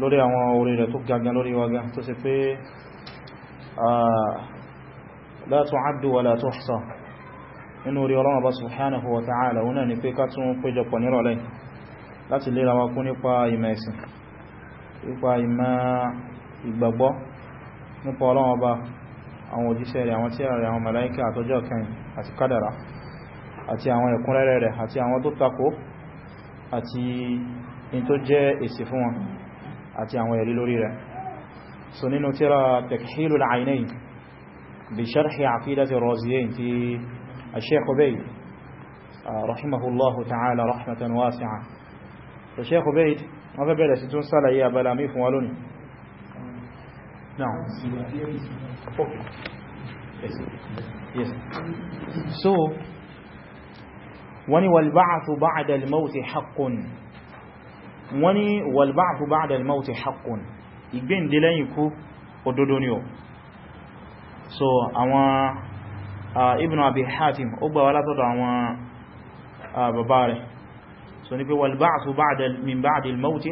lórí àwọn orí rẹ̀ tó gagan lórí waga tó sì pé la tu'addu wa la tuhsa inú orí Ọlọ́run Ọba subhanahu wa ta'ala wọn ni pé ká tún péjọpọ̀ nírọ̀lẹ́ láti lera wa kú nípa ìmọ̀ ẹ̀sìn nípa ìmọ̀ ìgbàgbọ́ nípa Ọlọ́run Ọba àwọn òjíṣẹ́ rẹ̀ àwọn tíra rẹ̀ àwọn àti àwọn ẹ̀rí lórí rẹ̀ so nínú tírà Takhilul Aynayn bi sharhi Aqidati Raziyayn ti Sheikh Ubayd rahimahullahu ta'ala rahmatan wasi'a so Sheikh Ubayd wọ́n fẹ́ bẹ̀rẹ̀ sí tún sálàyé abala mi fún wa lónìí Now, yes. So, wani wal ba'athu ba'da al mawt haqqun wọ́n ní walba'thu ba'da al-mawti haqqun ìgbéǹde lẹ́yìn ikú òdodo ni o so àwọn ibn abi hatim ó gbà wá látọ̀dọ̀ àwọn bàbá rẹ̀ so ní pé walba'thu ba'da min ba'di al-mawti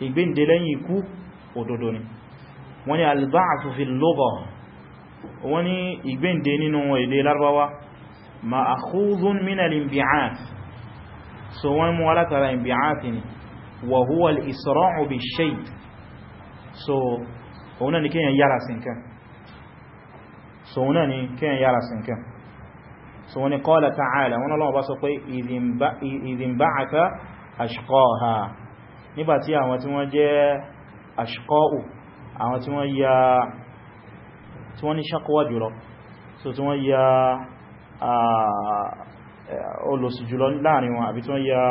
lẹ́yìn ikú òdodo ni wọ́n ní al-ba'thu fi wọ́n ní ìgbéǹde nínú èdè Lárúbáwá ma'khudhun min al so wọ́n mú alátara ìbíáàtì ni wa huwa al-isra'u bi-shay' so òun ni kíyàn yára sí nǹkan so òun ni kíyàn yára sí nǹkan so wọ́n ni qala ta'ala wọ́n lọ́wọ́ bá sọ pé idhin ba'atha ashqaha nígbàtí àwọn tí wọ́n jẹ́ ashqa'u tí wọ́n ya tí jùlọ so tí wọ́n ya ah, olóṣì jùlọ láàrin wọn àbí tí wọ́n ya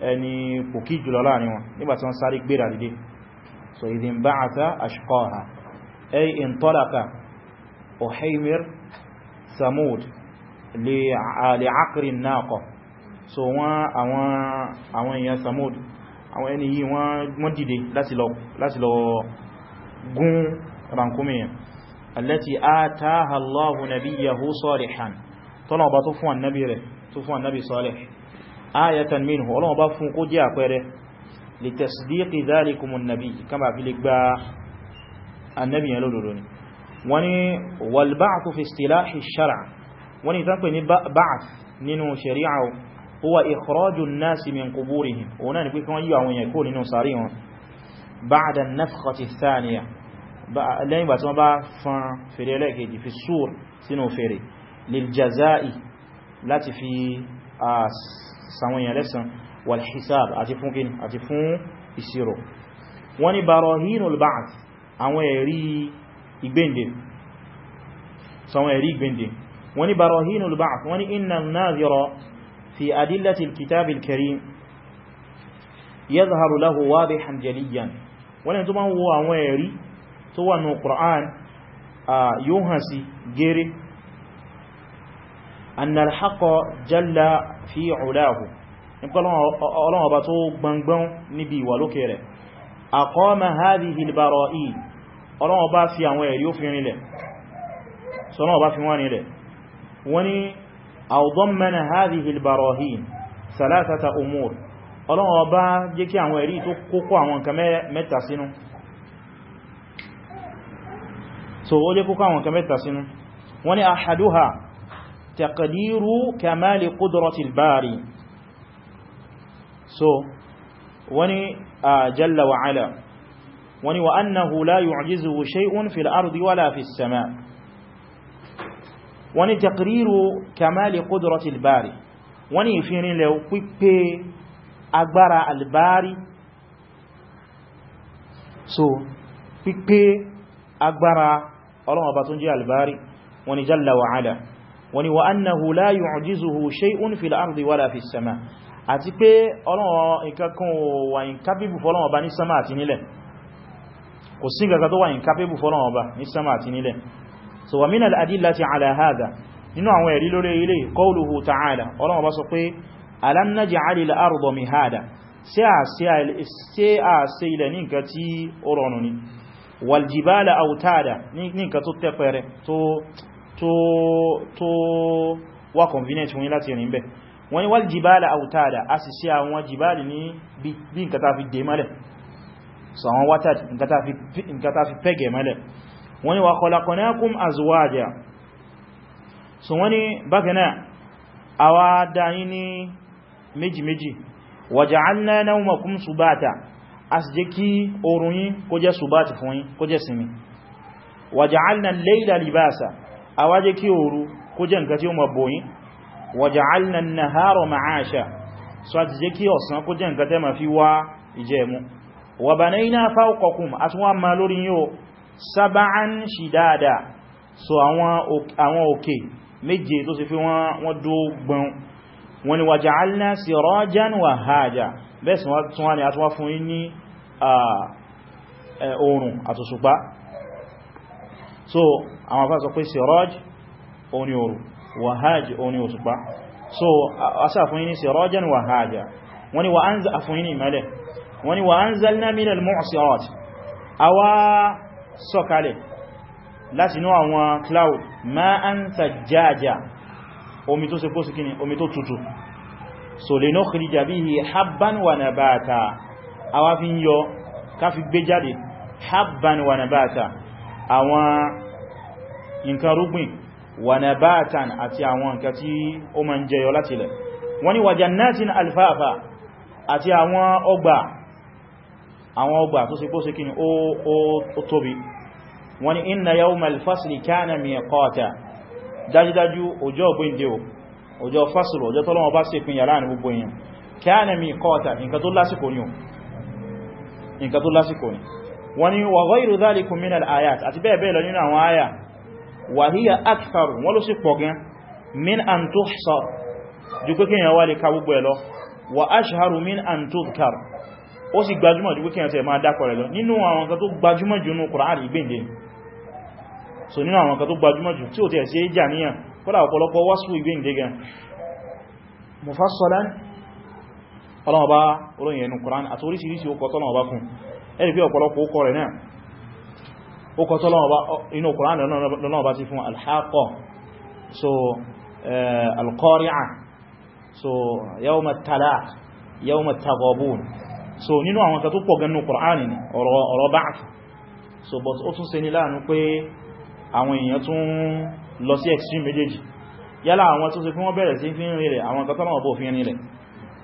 ẹni pòkí jùlọ láàrin wọn nígbàtí wọ́n sáré gbéra dìde so idhin ba'atha ashqaha ay intalaqa uhaymir samud li aqri naqa so wọ́n àwọn èèyàn samud àwọn ẹni yìí wọ́n dìde láti lọ gún rankumiyan allati ataha Allahu nabiyyahu tọ́nà ọba tó fún annabi rẹ̀ tó fún annabi Salih ayatan minhu ọlọ́wọ́ bá fún kó jẹ́ àpẹẹrẹ li tasdiqi dhalikumun nabi kama fi lè gba annabi yẹn lódòdó ni wọ́n ni wal ba'th fi istilahi shara wọ́n ni tán pè ní ba'th nínú shari'a huwa ikhraju nasi min quburihim òun náà ni pé kí liljaza'i láti fi a sàwọn èèyàn lẹ́sàn walhisab àti fún kín àti fún ìṣirò wọ́n ni barohinul ba'ath àwọn ẹ̀rí ìgbéǹde sàwọn ẹ̀rí ìgbéǹde wọ́n ni barohinul ba'ath wọ́n ni inna nazira fi adillatil kitabil karim yadhharu lahu wadihan jaliyan wọ́n ni tó máa wo àwọn ẹ̀rí tó wà nù Qur'an yóò hàn sí أن الحق جل في علاه الله باتو gbangban níbi ìwà lókè rẹ̀ أقام هذه البرائي الله bá fi àwọn ẹ̀rí òfin nílẹ̀ sọ́nà bá fi wọ́n nílẹ̀ wọ́n ni أو ضمن هذه البراهين ثلاثة أمور الله bá jẹ́ kí àwọn ẹ̀rí tó kókó àwọn nǹkan mẹ́ta sínú so ó jẹ́ taqdiru kamali qudratil bari so wani a jalla wa ala wani wa annahu la yu'jizuhu shay'un fil ardi wala fis sama wani taqdiru kamali qudratil bari wani ifirin le pipe agbára albari so pipe agbára ọlọ́wọ́ ba tún jẹ́ albari wani jalla wa ala wọ́n ní wa annahu la yu'jizuhu shay'un fil ardi wala fis sama àti pé Ọlọ́run ìkankan wà incapable fọ́lọ́run ọba ní sama àti nílẹ̀ kò sí gàgà tó wà incapable fọ́lọ́run ọba ní sama àti nílẹ̀ so wa min al-adillati ala hadha nínú àwọn ẹ̀rí lórí ilé qawluhu ta'ala Ọlọ́run ọba sọ pé alam naj'alil arda mihada sí à sí ilẹ̀ ní nǹkan tí ó rọrùn ni waljibala autada ní nǹkan tó tẹ́pẹrẹ tó tó wà convenient wọ́n láti rìn bẹ̀ wọ́n ni wal jibala awtada a sì sí àwọn jibali ní bí nǹkan ta fi dé mọ́lẹ̀ so àwọn wátàdì nǹkan ta fi pẹ́gẹ̀ mọ́lẹ̀ wọ́n ni wa khalaqnakum azwaja so wọ́n ni bákanáà a awájé kí òru kó jẹ́ nǹkan tí ó mọ̀ bòyín waja'alna an-nahara ma'asha so àti jẹ́ kí ọ̀sán kó jẹ́ nǹkan tẹ́ ma fi wá ìjẹ̀mú wa banayna fawqakum àtúnwà ma lórí yóò sab'an shidada so àwọn òkè méje tó sì fi wọ́n dó gbọ́n wọ́n ni waja'alna sirajan wahaja bẹ́ẹ̀ sì wọ́n tún wá ní àtúnwà fún yí ní oòrùn àtòṣùpá so àwọn afá sọ pé siraj òun ni òru wahaj òun òṣùpá so asá fún yí ní sirajan wahaja wani wa an za'a fún yí ní ìmẹ́lẹ̀ wani wa anzalna minal mu'sirat a wá sọ̀kalẹ̀ láti inú àwọn cloud so linukhrija bihi habban wa nabata a wá fi ń yọ ká fi gbé jáde habban wa àwọn nǹkan rúgbìn wà na bátan àti àwọn nǹkan tí ó ma ń jẹyọ láti ilẹ̀ wọ́n ní wà jannatin alfáàfà àti àwọn ọgbà àwọn ọgbà tó sì kóso kíni ó tóbi wọ́n ní inna yawmal fasli kana miqata dájúdájú ọjọ́ ògbìndé o ọjọ́ fásìlò ọjọ́ tọ́lọ́wọ́ bá sì pín yàrá ní gbogbo èèyàn kana miqata nǹkan tó lásìkò ni nǹkan tó wàhíyà akthar wọ́n ló sì pọ̀ gan min an tuhsar jù pé kíyàn wá lè ká gbogbo ẹ̀ lọ wà ashharu min an tudhkar ó sì gbajúmọ̀ jù pé kíyàn tẹ̀ máa dákọ̀ rẹ̀ lọ nínú àwọn kan tó gbajúmọ̀ jù nínú Kùránì ìgbéǹde so nínú àwọn kan tó gbajúmọ̀ jù tí ó tẹ̀ sí ìjà níyàn kọ́lá ọ̀pọ̀lọpọ̀ wáṣù ìgbéǹde gan mufassalan ọlọ́mọba olóyìn ẹnu Kùránì àti oríṣiríṣi ó kọ́ tọ́lọ́mọba fún ẹ̀rì pé ọ̀pọ̀lọpọ̀ ó kọ́ rẹ̀ náà ó kọ́ tọ́lọ́wọ́ inú Kùránì lọ́nà bá ti fún alhaqa so eh, alqari'a so yawma tala yawma taghabun so nínú àwọn kan tó pọ̀ gan nínú ọ̀rọ̀ ba'th so but ó tún ṣe ní láàánú pé àwọn èèyàn tún lọ sí extreme méjèèjì yálà àwọn tó ṣe fún wọ́n bẹ̀rẹ̀ sí fi ń rí rẹ̀ àwọn nǹkan tọ́lọ́wọ́ bó fi rẹ̀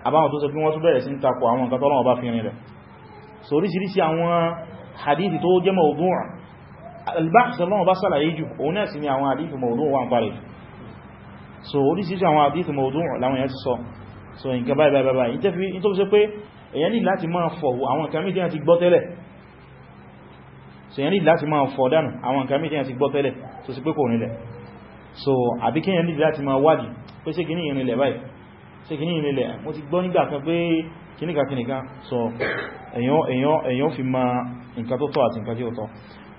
àbáwọn tó ṣe fún wọ́n tún bẹ̀rẹ̀ sí ń takò àwọn nǹkan tọ́lọ́wọ́ fi rẹ̀ so oríṣiríṣi àwọn hadithi tó jẹ́ mawdu' albaq lọ́wọ́ bá sàlàyé jù òun náà sì ni àwọn so orísìíṣẹ́ àwọn àdífì mọ̀ọ̀dún láwọn yẹn so nǹkan báyìí báyìí báyìí in fi ṣe pé èyàn ní láti máa fọ̀ àwọn nǹkan so èyàn ní láti máa fọ̀ dànù àwọn nǹkan mìí so àbí kéyàn ní láti máa wádìí pé ṣé kìíní mo ti gbọ́ nígbà kan pé so èyàn fi ma nǹkan tó tọ́ àti nǹkan tí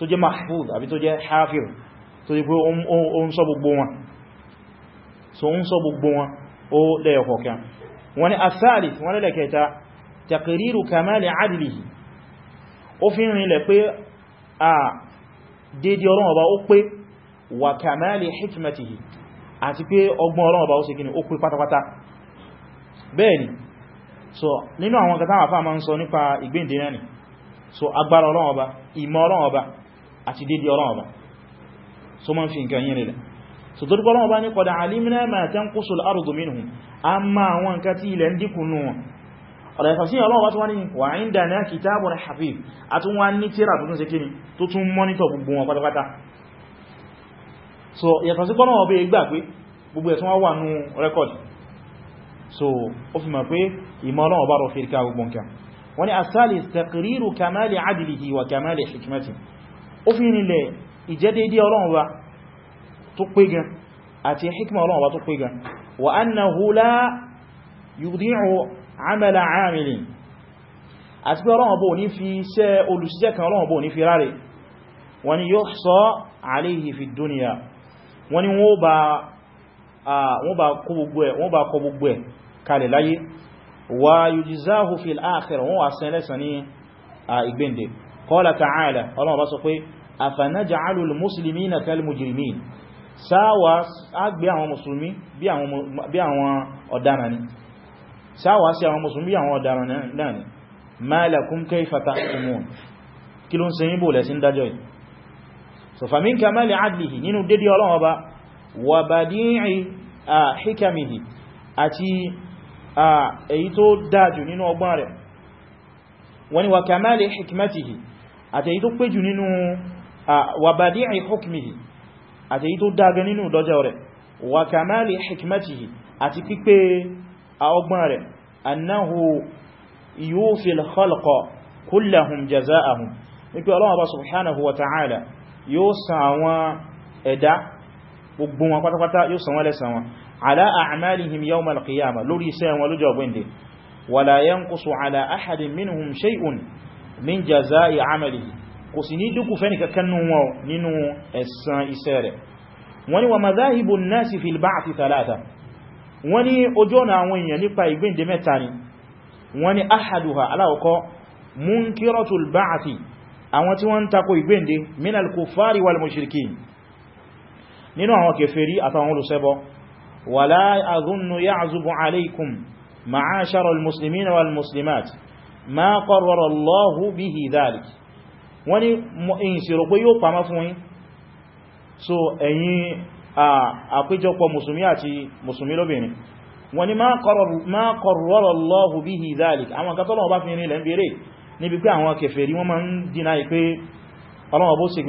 tó jẹ́ mahfud àbí tó jẹ́ hafir tó jẹ́ pé o ń sọ gbogbo wọn so ń sọ gbogbo wọn ó lẹ́yẹ̀ kọ̀ọ̀kan wani asali wani lẹ́kẹta takiriru kamali adilihi ó fi ń rinlẹ̀ pé a dédé ọlọ́run ọba ó pé wà kamali hikmatihi àti pé ọgbọ́n ọlọ́run ọba ó sì gini ó pé pátápátá bẹ́ẹ̀ni so nínú àwọn kata àfáà ma ń sọ nípa ìgbéǹdé náà ni so agbára ọlọ́run ìmọ̀ ọlọ́run àti dédé ọlọ́run ọba so ma ń fi nǹkan yìí rẹ̀ so tó dúkọ́ ọlọ́run ọba ní kọ̀dà alimna ma tanqusu al-ardu minhum a ma àwọn nǹkan tí ilẹ̀ ń dínkù nù wọn ọ̀rọ̀ ìfàsí ọlọ́run tó wá ní wa indana kitabun hafiz a tún wá ní tíra tuntun sí kíni tó tún mọ́nítọ̀ gbogbo wọn pátápátá so yàtọ̀ sí pọ́nà ọba ìgbà pé gbogbo ẹ̀ wá wà nú rẹ́kọ̀dì so ó fi mọ̀ pé ìmọ̀ ọlọ́run ọba rọ̀ fi ríkà gbogbo nǹkan wọ́n ni asálì taqriru kamali adlihi wa kamali hikmatihi ó fi nílẹ̀ ìjẹ́dédé ọlọ́run wa tó pé gan àti hikma ọlọ́run wa tó pé gan wa annahu la yudi'u amala 'amilin àti pé ọlọ́run bó ní fi iṣẹ́ olùṣiṣẹ́ kan ọlọ́run bó ní fi rárẹ̀ wọ́n ni yuhsa 'alayhi fi dunya wọ́n ni wọ́n bá kó gbogbo ẹ̀ kalẹ̀ láyé wa yujzahu fil akhirah wọ́n wà sẹ́lẹ̀sàn ní ìgbéǹde qala ta'ala ọlọ́run bá sọ pé afanaj'alu al-muslimina kal-mujrimin sáwà agbé àwọn musulmi bí àwọn ọ̀daràn ni sáwà sí àwọn musulmi bí àwọn ọ̀daràn náà ni ma lakum kayfa tahkumun kí ló ń ṣe yín bó lẹ dájọ́ yìí so famin kamali adlihi nínú dédé Ọlọ́run Ọba wa Ah, wa badi'i hukmihi àti èyí tó dága nínú ìdọ́jọ́ rẹ̀ wa kamali hikmatihi àti pípé ọgbọ́n rẹ̀ annahu yufil khalqa kullahum jaza'ahum nípé Ọlọ́run Ọba subhanahu wa ta'ala yóò san àwọn ẹ̀dá gbogbo wọn pátápátá yóò san wọ́n lẹ́san wọn ala a'malihim yawmal qiyamah lórí kò sì ní dúkù fẹ́ nìkankan nínú ẹ̀san iṣẹ́ rẹ̀ wọ́n ní wà madhahibu nasi fil ba'thi thalatha wọ́n ní ojú ọ̀nà àwọn èèyàn nípa ìgbéǹde mẹ́ta ni wọ́n ní ahaduha aláwọ̀kọ́ munkiratul ba'thi àwọn tí wọ́n ń tako ìgbéǹde minal kufari wal mushrikin nínú ma qarrara Allahu bihi dhalik wọ́n ni in ṣèrò pé yóò pàmọ́ fún yí so ẹ̀yìn àpéjọpọ̀ musulmi àti musulmi lóbìnrin wọ́n ní ma qarrara Allahu bihi dhalik àwọn katọ́lọ̀ ọba fi ní ilẹ̀ ń bèèrè níbi pé àwọn wọ́n ma ń dínà ìpé ọlọ́wọ́ bó sì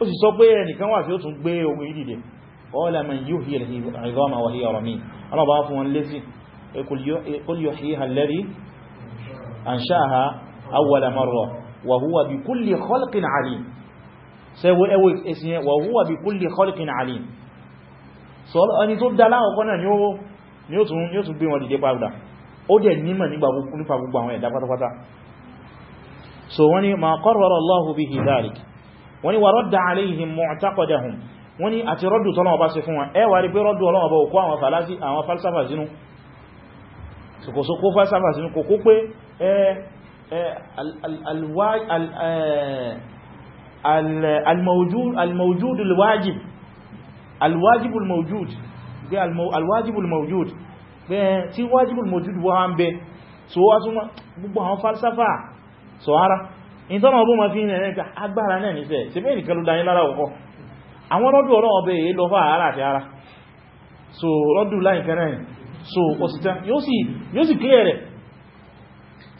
ó sì sọ pé ẹnìkan wà tí ó tún gbé ogun ìdìdè ọlá man yuhyi al-'idhama wa hiya ramim ọlọ́bàá fún wọn lésì qul yuhyiha alladhi ansha'aha awwala marra wa huwa bi kulli khalqin 'alim sẹ́wọ́ ẹwọ́ ìsinye wa huwa bi kulli khalqin 'alim sọ ẹni tó dá láwọ̀kọ́ náà ni ó tún gbé wọn dìde padà ó dẹ̀ nímọ̀ so wani ma qarrara Allahu bihi dhalik wọ́n ni wà rọ́dà aléhìn mu'taqadahum wọ́n ni àti rọ́dù tọ́lọ́wọ́ bá ṣe fún wọn ẹ wà rí pé rọ́dù ọlọ́wọ́ bá òkú àwọn falasi àwọn falsafa sínú kòkòsó kó sínú kòkó pé pé al gbogbo àwọn falsafa so in tọ́nà ọdún ma fi ń rẹ̀ agbára náà ní sẹ́ sí mẹ́rin kẹlu dáyín lára ọkọ́ àwọn rọ́dù ọ̀rọ̀ ọbẹ̀ èyí so rọ́dù láì kẹrẹ̀ so òsìta yóò sì clear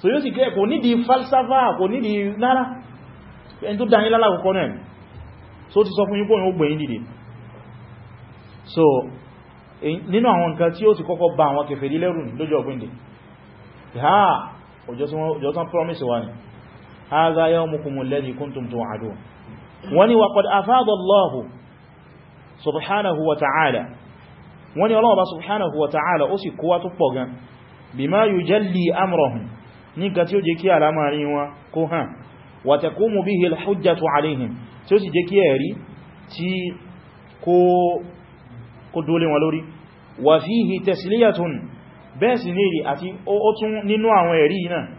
so yóò sì clear kò nídi falsafa kò nídi lára ẹni tó so ti sọ fún yípo so nínú àwọn nǹkan tí ó ti kọ́kọ́ ba àwọn kèfèrí lẹ́rù lójú ọgbìndì ha òjò tán promise wa ni هذا يومكم الذي كنتم توعدون وني وقد أفاض الله سبحانه وتعالى وني الله سبحانه وتعالى أسي قوة بغا بما يجلي أمرهم نكتيو جيكي على ماريوا كوها وتقوم به الحجة عليهم سيوسي جيكي أري تي كو قدول ولوري وفيه تسلية بس نيري أتي أو أتون ننوع ويرينا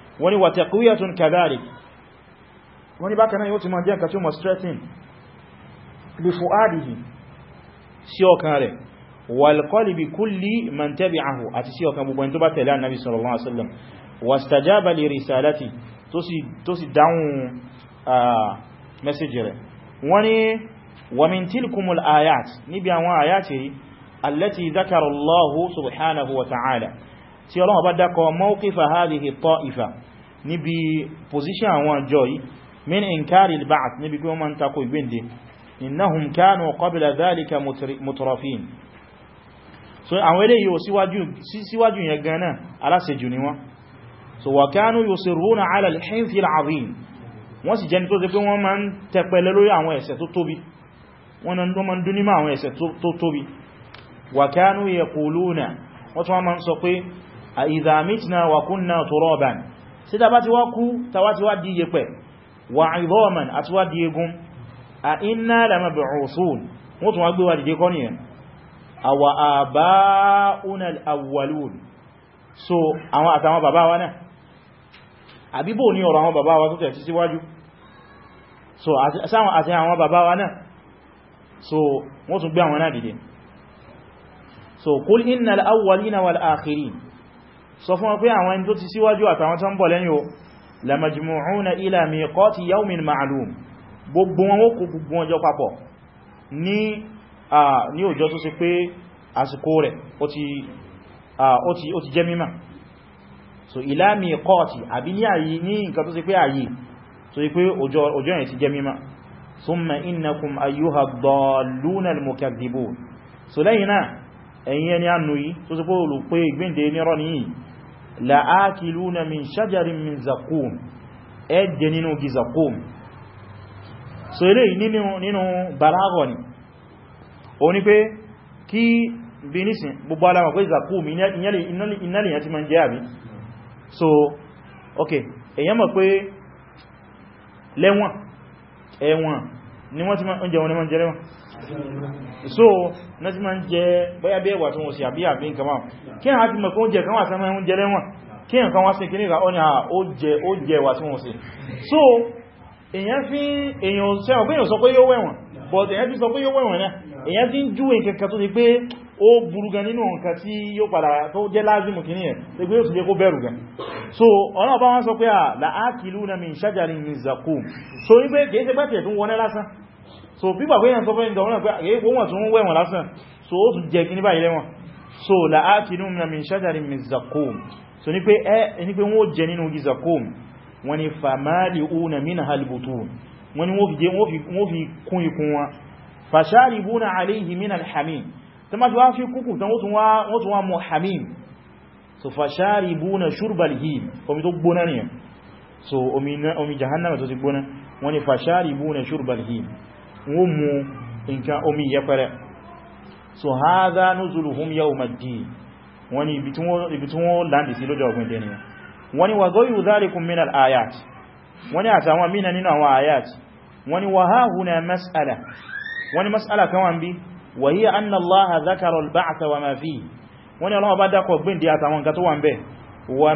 wọ́n ni wà taqwiyatun kadhalik wọ́n ni bákanáà yóò ti máa jẹ́ nǹkan tí ó máa stressing li fu'adihi sí ọkàn rẹ̀ wal qalbi kulli man tabi'ahu àti sí ọkàn gbogbo ẹni tó bá tẹ̀lé annabi tí Ọlọ́run bá dákọ mawqifa hadhihi ta'ifa níbi position àwọn àjọ yìí min inkari al-ba'th níbi kí wọ́n ma ń takò ìgbéǹde innahum kanu qabla dhalika mutrafin so àwọn eléyìí o síwájú yẹn gana aláṣejù ni wọ́n so wa kanu yusirruna ala al-hinth al-azim wọ́n sì jẹni tó ṣe pé wọ́n ma ń tẹpẹlẹ lórí àwọn ẹ̀ṣẹ̀ tó tóbi wọ́n na ń sí tàbá ti wá kú tàwá ti wá di yẹ̀pẹ̀ wà ìdọ́ọ̀màn àti wá di egun a iná lamab'uthun wọ́n tún wá gbé wa dìde kọ́ nìyàn àwà àbáúnà awwalun so àwọn àtàwọn bàbá wa náà àbíbò ní awwalina wal akhirin sọ fún wọn pé àwọn ẹni tó ti síwájú àtàwọn tó ń bọ̀ lẹ́yìn o lamajmu'una ila miqati yawmin ma'lum gbogbo wọn ó kó gbogbo wọn jọ papọ̀ ní ní ọjọ́ tó ṣe pé àsìkò rẹ̀ ó ti ó ti jẹ́ mímọ̀ so ila miqati àbí ní àyí ní nǹkan tó ṣe pé àyí so pé ọjọ́ yẹn ti jẹ́ mímọ̀ summa innakum ayyuha ad-dalluna al so lẹ́yìn náà ẹ̀yin ẹni ànú yìí tó ṣe pé olùpé ìgbéǹde nírọ́ nìyí la'akiluna min shajarin min zakum ẹjẹ nínú gi zakum so ilé nínú balago ni o ní pé kí bí nísìn gbogbo alama pé zakum inali yẹn ti ma ń jẹ́ àbí so ok èyàn mọ̀ pé lẹ́wọ̀n ẹ̀wọ̀n ni wọ́n ti ma ń jẹ́ wọn ni ma ń jẹ́ lẹ́wọ̀n so náà ma n jẹ bóyá bí ẹwà tó wọ́n sí àbí àbí nǹkan máa kí àwọn àti mọ̀kún oúnjẹ kan wà kí wá sí ah, so èyàn fi èyàn sọ pé yóò wẹ̀wọ̀n but èyàn fi sọ pé yóò wẹ̀wọ̀n èyàn fi ń júwe kankan tó ti pé ó burú gan nínú nǹkan tí yóò padà tó jẹ́ kìíní ẹ̀ tó so ọ̀nà ọba sọ pé à ah, láàkìlú na min shajarin min so ní pé kìí ṣe pẹ́tẹ̀ so pípà pé yẹn sọ fẹ́ ìdọ̀wọ́n náà pé èyí wọ́n tún wẹ̀wọ̀n lásán so ó tún jẹ kí ní báyìí lẹ́wọ̀n so la'akinu min min shajarin min zakum so ní pé ẹ ní pé wọ́n jẹ nínú igi zakum wọ́n ni famali'una minha al-butun wọ́n ni wọ́n fi kún ikùn wọn fasharibuna alayhi min al-hamim tó má fi wá fi kúkù tán wọ́n tún wá mọ̀ hamim so fasharibuna shurbal him omi tó gbóná nìyẹn so omi jahannama tó ti gbóná wọ́n ni fasharibuna shurbal him wọ́n mú nǹkan omi yẹpẹrẹ so hadha nuzuluhum yawma ddin wọ́n ni ibi tí wọ́n láǹdì sí lọ́jọ́ ọ̀gbìn dẹni wọ́n ni wa ghayru dhalikum min al-ayat wọ́n ni àtàwọn mìíràn nínú àwọn ayat wọ́n ni wa hahuna mas'ala wọ́n ni mas'ala kan wọ́n bí wa hiya anna Allaha dhakara al-ba'tha wa ma fihi wà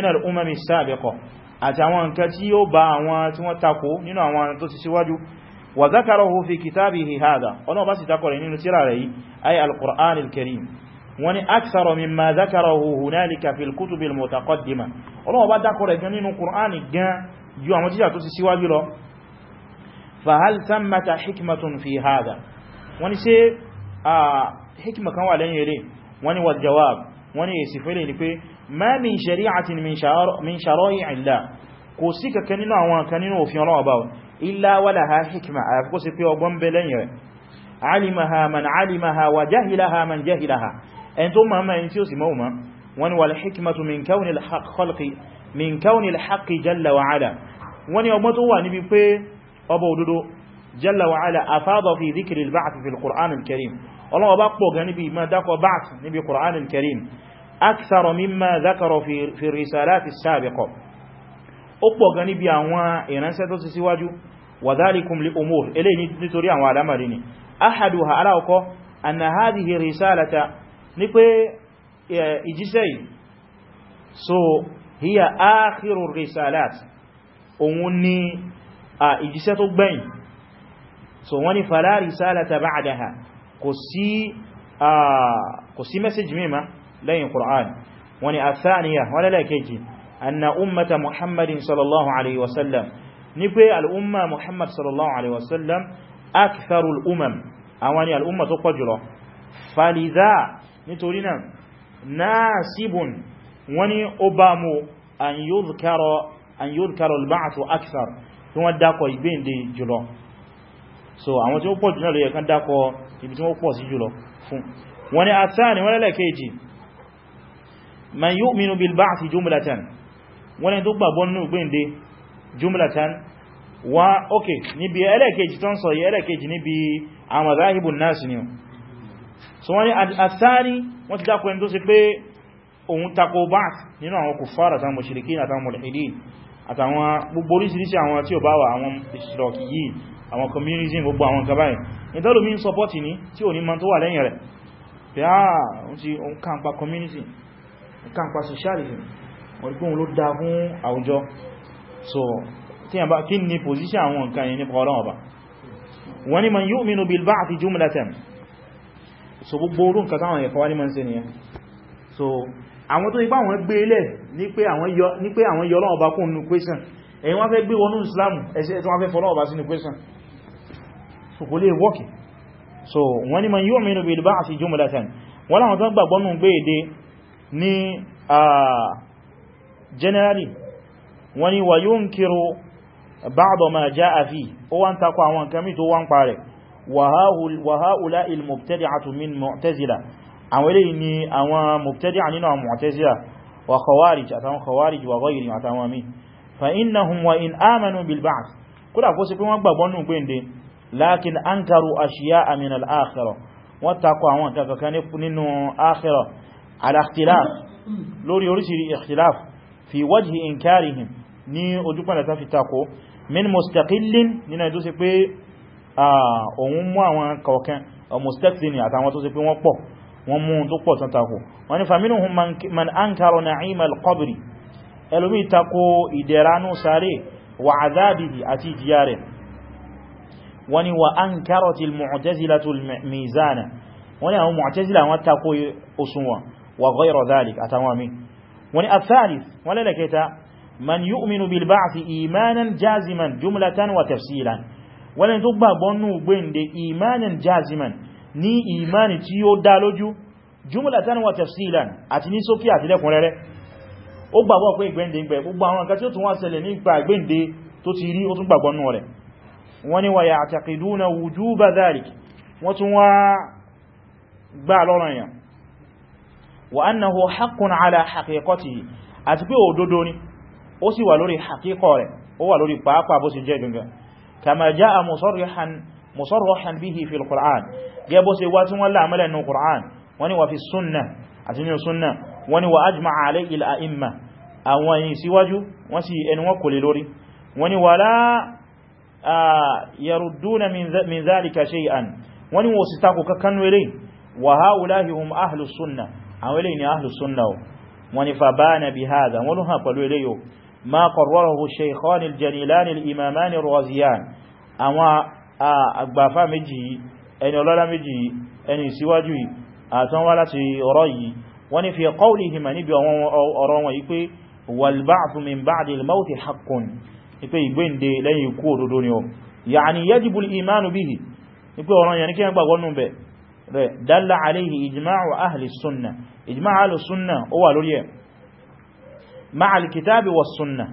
ń àti àwọn nǹkan tí ó bá àwọn tí wọ́n takò nínú àwọn tó ti síwájú wa zakarahu fi kitabihi hadha ọ̀nà bá sì takò rẹ̀ nínú tírà rẹ̀ yìí ay al-Qur'an al-Karim wani akthara mimma zakarahu hunalika fil kutub al-mutaqaddima ọ̀nà bá takò rẹ̀ gan nínú Qur'an gan ju àwọn tírà ah, ni pé ma min shari'atin min shara'i illa kò sí kankan nínú àwọn kan nínú òfin Ọlọ́run ba illa wala ha hikma àyàfi kó sí pé ọgbọ́n bẹ lẹ́yìn rẹ̀ alimaha man alimaha wa jahilaha man jahilaha ẹn tó ma ma ẹn tí ó sì mọ́ wani wal hikmatu min kawni al-haq khalqi min kawni al-haq jalla wa ala wani ọgbọ́n tó wà níbi pé ọba òdodo jalla wa ala afada fi dhikri al-ba'th fi al-qur'an al-karim Ọlọ́run bá pọ̀ gan níbi ma dákọ̀ ba'th níbi qur'an al-karim akthar mimma dhakara fi risalati as-sabiqa ó pọ̀ gan níbi àwọn ìránṣẹ́ tó ti síwájú wa dhalikum li umur eléyìí nítorí àwọn alamari ni ahaduha aláwọ̀kọ́ anna hadhihi risalata ní pé ìjíṣẹ́ yìí so hiya akhiru risalat òun ni a ìjíṣẹ́ tó gbẹ̀yìn so wọ́n ni fala risalata ba'daha kò sí mẹ́sẹ̀jì mìíràn lẹ́yìn Qur'an wọ́n ni àtàníyà wọ́n lẹ́lẹ́kejì anna ummata muhammadin sallallahu alaihi wasallam ni pé al'umma muhammad sallallahu alaihi wasallam aktharul umam àwọn ni al'umma tó pọ̀ jùlọ falidha nítorí náà nasibun wani obamu an yudhkara al-ba'thu akthar tí wọ́n dákọ̀ ìgbéǹde jùlọ so àwọn tí ó pọ̀ jùlọ lè kan dákọ̀ ibi tí wọ́n pọ̀ sí jùlọ fún wani àtàni wọ́n lẹ́lẹ́kejì man yu'minu bil ba'thi jumlatan wọ́n tó gbàgbọ́ nínú gbéǹde jumlatan wá ókè níbi ẹlẹ́kejì tó ń sọ yìí ẹlẹ́kejì níbi àmàdáhìbù náàsì ni so wọ́n ni àtàrí wọ́n ti dákọ̀ ẹni tó sì pé òun takò ba'th nínú àwọn kùfàrà àtàwọn mùsùlùkí àtàwọn mùlhìdí àtàwọn gbogbo orísìírísìí àwọn tí ó bá wà àwọn ìṣìlọ̀kì nǹkan pa socialism wọ́n gbóhun ló dá fún àwùjọ so tí a bá kí ní position àwọn nǹkan yẹn nípa ọlọ́wọ́ ba wani man yu'minu bil ba'thi jumlatan so gbogbo orú nǹkan táwọn ẹ̀kọ́ wani man ṣe nìyẹn so àwọn tó ipá àwọn gbé ilẹ̀ ní pé àwọn yọ ọlọ́wọ́ ba kún nínú question ẹ̀yin wọ́n fẹ́ gbé wọnú Islam ẹ̀ṣẹ́ tó wọ́n fẹ́ fọ́lọ́wọ́ ba sínú question so kò lè wọ́kì so wani man yu'minu bil ba'thi jumlatan wọ́n láwọn tó gbàgbọ́nù gbé èdè ní a January wani wa yunkiru ba'da ma ja'a fi ó wá ń takọ àwọn kami tó wá ń parẹ̀ wa ha'ula il-mubtadi'atu min mu'tazila àwọn ilé ni àwọn mubtadi'a nínú àwọn mu'tazila wa khawarij àtàwọn khawarij wa ghayri àtàwọn mi fa innahum wa in amanu bil ba'th kódà kó sí pé wọ́n gbàgbọ́ àwọn kankan nínú akhirah على اختلاف لوري اوريسي اختلاف في وجه انكارهم ni ojúpọ̀nà tán fi takò min mustaqillin nínú ẹjọ́ sí pé ohun mú àwọn kọ̀ọ̀kan mustaqillin àtàwọn tó sí pé wọ́n pọ̀ wọ́n mú tó pọ̀ tán takò wọ́n ni faminuhum man ankaro na'ima al-qabri ẹlòmí takò ìdẹ̀ránú sáré wa azabihi àti ìjìyà rẹ̀ wọ́n ni wa ankaratil mu'tazilatul mizana wọ́n ni àwọn mu'tazila wọ́n takò òṣùwọ̀n wa ghayra dhalik àtàwọn mi wọ́n ni athalith wọ́n lẹ́lẹ̀kẹta man yu'minu bil ba'thi imanan jaziman jumlatan wa tafsilan wọ́n lẹ́ni tó gbàgbọ́ nù gbẹ́ndẹ̀ imanan jaziman ní imani tí ó dá lójú jumlatan wa tafsilan àti ní sókí àti lẹ́kùnrẹ́rẹ́ ó gbàgbọ́ pé ìgbẹ́ndẹ̀ ń bẹ gbogbo àwọn nǹkan tí ó tún wá ṣẹlẹ̀ nípa ìgbẹ́ndẹ̀ tó ti rí ó tún gbàgbọ́ nù rẹ̀ wọ́n wa ya'taqiduna wujuba dhalik wọ́n tún wá gbà lọ́rọ̀ yàn wa annahu haqqun ala haqiqatihi àti pé òdodo ni ó sì wà lórí haqiqo rẹ̀ ó wà lórí pàápàá bó sì jẹ́ gangan kama jaa musarrihan musarrahan bihi fi alquran ge bó sì wà tí wọ́n la amala nu quran wani wa fi sunnah àti ni sunnah wani wa ajma'a alayhi al-a'imma àwọn yin síwájú wọ́n sì en wọ́n kò lè lórí wani wala yarudduna min dhalika shay'an wani wo sì ta ko kakkan wele wa haulahi hum ahlus sunnah àwọn eléyìí ni ahlu sunna o wọ́n ni fàbáàna bí hadha wọ́n ló hàn pẹ̀lú eléyìí o ma qarrarahu shaykhani al-jalilani al-imamani ar-raziyan àwọn àgbàfà méjì ẹni ọlọ́lá méjì ẹni síwájú àtán wá láti ọ̀rọ̀ yìí wọ́n ni fi qawlihima níbi ọ̀rọ̀ wọn yìí pé wal-ba'thu min ba'di al-mawti yẹn kí wọ́n gbàgbọ́ rẹ̀ dalla alayhi ijma'u ahli sunna ijma'u ahli sunna ó wà lórí ẹ̀ ma'al kitabi wa sunna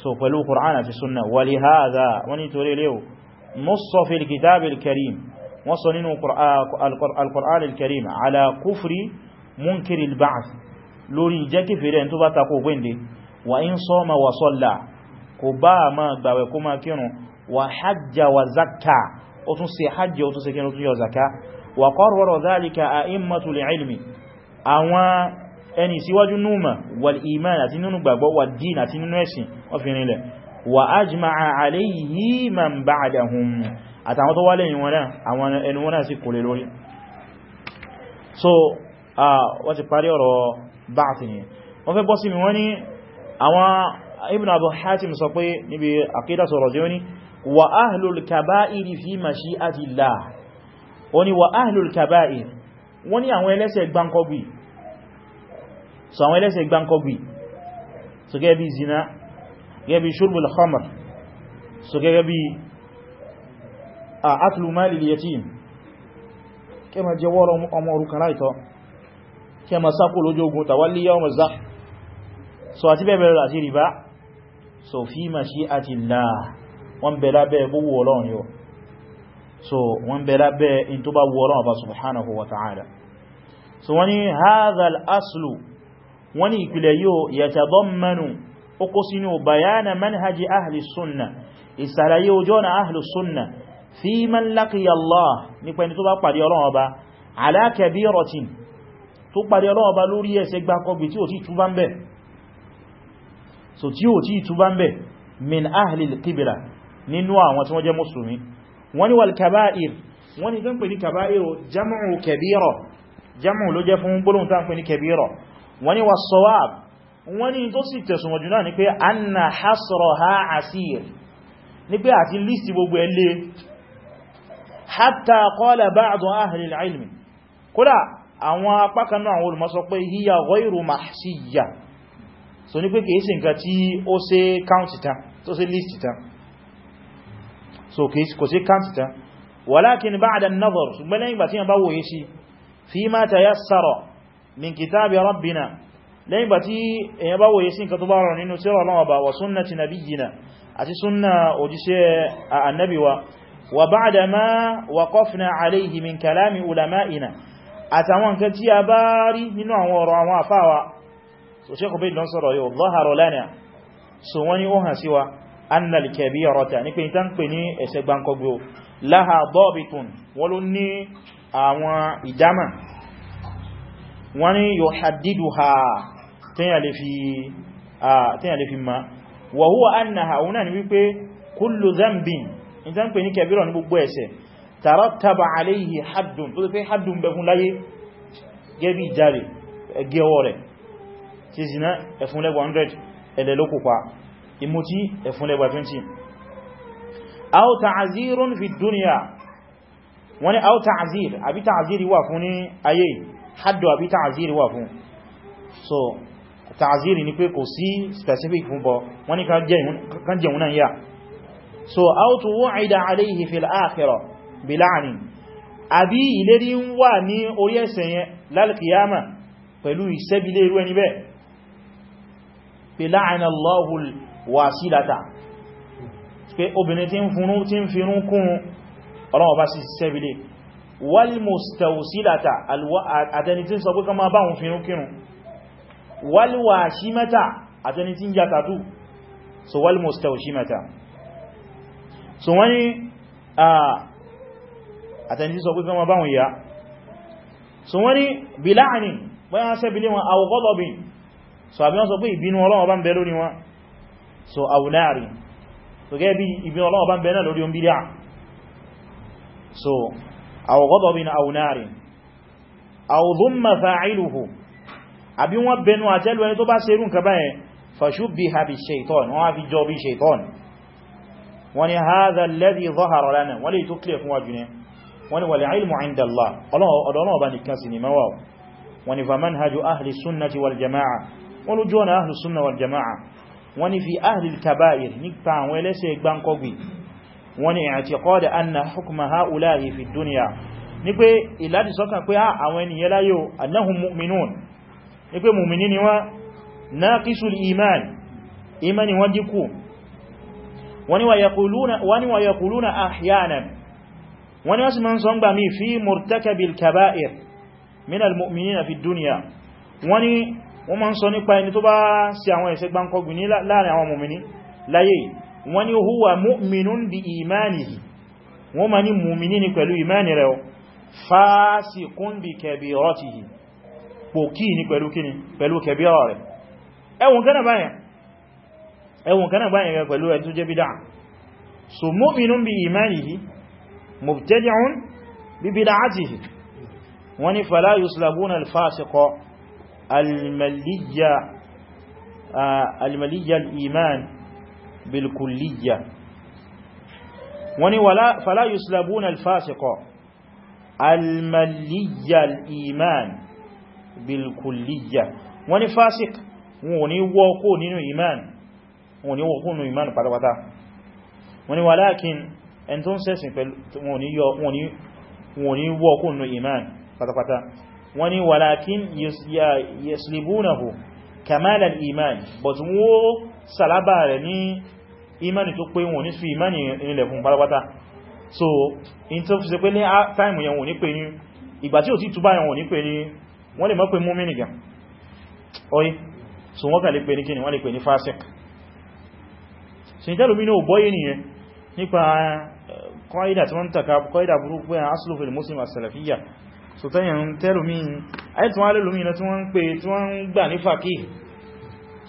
so pẹ̀lú qur'an àti sunna wa li hadha wani torí léwu نص في الكتاب الكريم وصنن القرآن الكريم على كفر منكر البعث لوري جاكي في رين تبا تقو بندي وإن صوم وصلى كبا ما قبا كما كنو وحج وزكى وتنسي حج وتنسي كنو تنسي وزكى وقرر ذلك أئمة العلم àwọn ẹni síwájú númà wal iman àti nínú gbàgbọ́ wà dín àti nínú ẹ̀sìn ọfìnrin lẹ̀ wà ajma'a alayhi man ba'dahum àtàwọn tó wá lẹ́yìn wọn náà àwọn ẹni wọn náà so wọ́n ti parí ọ̀rọ̀ báàtì ni wọ́n fẹ́ bọ́ sí mi wọ́n ní àwọn ibn abu hatim sọ wọ́n ni wà áhìlùl kàbáì wọ́n ni àwọn ẹlẹ́sẹ̀ gbáǹkọ́gbì so àwọn ẹlẹ́sẹ̀ gbáǹkọ́gbì so gẹ́gẹ́ bí zina gẹ́gẹ́ bí ṣúrbùl khamr so gẹ́gẹ́ bí a aklu malil yatim kẹma jẹ wọ́rọ ọmọ orúkan láìtọ́ kẹma sákò lójógun tàwálí yawm az so àti bẹ́ẹ̀ bẹ́ẹ̀ àti rìbá so fi mashi'atillah wọ́n bẹ̀lá bẹ́ẹ̀ gbogbo ọlọ́run yóò so wọ́n bẹ lábẹ́ in tó bá wọ́rọ̀ ọba subhanahu wa ta'ala so wọ́n ni hazal aslu wọ́n ni ìpìlẹ̀ yóò yatadammanu ó kó sínú bayana manhaji ahli sunna ìsàlàyé ojú ọ̀nà ahli sunna fi man laqiya Allah nípa ẹni tó bá pàdé Ọlọ́run ọba ala kabiratin tó pàdé Ọlọ́run ọba lórí ẹ̀ṣẹ̀ gbákọgbì tí ò tí túbá ń bẹ̀ so tí ò tí túbá ń bẹ̀ min ahli al nínú àwọn tí wọ́n jẹ́ mùsùlùmí wọ́n ni wal kaba'ir wọ́n ni tán pè ní kaba'ir jam'u kabira jam'u ló jẹ́ fún gbólóhùn tán pè ní kabira wọ́n ni was sawab wọ́n ni tó sì tẹ̀sùn wọ̀jù náà ni pé anna hasraha asir ni pé àti list gbogbo ẹlẹ́ so kò sí káàtì tán walakin ba'da an-nazar ṣùgbọ́n lẹ́yìn ìgbà tí a bá wòye sí fima tayassara min kitabi rabbina lẹ́yìn ìgbà tí èyàn bá wòye sí nǹkan tó bá rọ̀ nínú tí Ọlọ́run bá wa sunnati nabiyyina àti súnnà òjíṣẹ́ annabiwa wa ba'da ma waqafna alayhi min kalami ulama'ina so sheikh obed lọ́n anna al-kabirata ní pé ìtàn pè ní ẹ̀ṣẹ̀ gbáǹkọ́gbé o láha dọ́bìtún wọ́n ló ní àwọn ìdámà wọ́n ní yuhaddiduha tẹ́yàn lè fi ma wa huwa annaha wọ́n náà ni wípé kullu dhanbin ìtàn pè ní kabira ní gbogbo ẹ̀ṣẹ̀ tarattaba ìmútí ẹ̀fúnlẹ́gbà 20 aw ta'zirun fi dunya wọ́n ni aw ta'zir àbí ta'ziri wà fún ní ayé haddu àbí ta'ziri wà fún so ta'ziri ni pé kò sí specific fún bọ wọ́n ni kan jẹun náà yá so aw tu'ida alayhi fil akhirah bil'ani àbí ìlérí ń wà ní orí ẹ̀ṣẹ̀ yẹn lálkìyàmà pẹ̀lú ìṣẹ́bílé irú ẹni bẹ́ẹ̀ pẹ̀lú àìnà lọ́hùl wàsílátà pé obìnrin tí ń fúnú tí ń finú kún ọlọ́wọ́ bá sì sẹ́bílé walmustawsilata àtẹni tí ń sọ pé ká máa bá wọn finú kírun walwashimata àtẹni tí ń yà tàtù so walmustawshimata so wọ́n àtẹni tí sọ pé ká máa bá wọn yà so wọ́n ni biláàni bọ́yá sẹ́bílé wọn àwọ̀gọ́lọ́bìn so àbí wọ́n sọ pé ìbínú ọlọ́wọ́ bá ń bẹ lórí wọn so awunari so gẹ́ bí ibi ọlọ́wọ́ bá ń bẹ̀rẹ̀ lórí oun bídá so àwọ̀gọ́dọ̀ bí na awunari àwọ̀dún mafailuhu àbí wọ́n bẹnu àtẹ́lú ẹni tó bá serú nǹkan báyẹn fàṣúbí habi shaitan wọ́n fi jọ bí shaitan wọ́n ni haza alladhi zahara lana wọ́n lè tó kílẹ̀ fún wájú ní wọ́n ni wal ilmu inda Allah ọ̀dọ̀ọ̀nà ọba nìkan sí ni mawa wọ́n ni famanhaju ahli sunnati wal jama'a wọ́n lójú ọ̀nà ahli sunna wal jama'a wọ́n ni fi ahlil kaba'ir nípa àwọn ẹlẹ́ṣẹ̀ gbáǹkọ́gbì wọ́n ni i'tiqad anna hukma ha'ula'i fi dunya ní pé ìlàdì sọ́kàn pé ah, àwọn ènìyàn láyò annahum mu'minun ní pé mu'mini ni wọ́n naqisul iman imani wọ́n díkù wọ́n ni wọ́n ni wọ́n máa ń sọ nípa ẹni tó bá ṣe àwọn ẹ̀ṣẹ̀ gbáǹkọ́gbìn ní láàrin àwọn mùmìnì láyé wọ́n ní huwa mu'minun bi imanihi wọ́n máa ní mùmìnì ní pẹ̀lú imani rẹ̀ fásikún bi kabiratihi pòkí ní pẹ̀lú kíni pẹ̀lú kẹbíọ̀ rẹ̀ ẹwùn kanáà báyẹn ẹwùn kanáà báyẹn rẹ̀ pẹ̀lú ẹ̀tún jẹ́ الملية الملية الإيمان بالكلية وني ولا فلا يسلبون الفاسق الملية الإيمان بالكلية وني فاسق وني وقو نينو إيمان وني وقو نينو إيمان بطبطا وني ولكن أنتم سيسن وني وقو نينو إيمان بطبطا wọ́n ni walakin yaslibunahu kamal al-iman but wo salaba rẹ̀ ní imani tó pé wọn ní sí imani ilẹ̀ fún pátápátá so in tó fi se pé ní time yẹn wọn ní pé ní ìgbà tí ò tí túbá yẹn wọn ní pé ní wọ́n lè mọ́ pé múmínì gan oye so wọ́n kà lè pè ní kíni wọ́n lè pè ní fásik so ní tẹ́lùmí ní òbọ́yé nìyẹn nípa eh, kọ́ídà tí wọ́n tàkà kọ́ídà burúkú ẹ̀ aslu so tẹ́yàn tẹ́lùmí ayẹ́tùn alẹ́lùmí iná tí wọ́n ń pè tí wọ́n ń gbà ní fàkí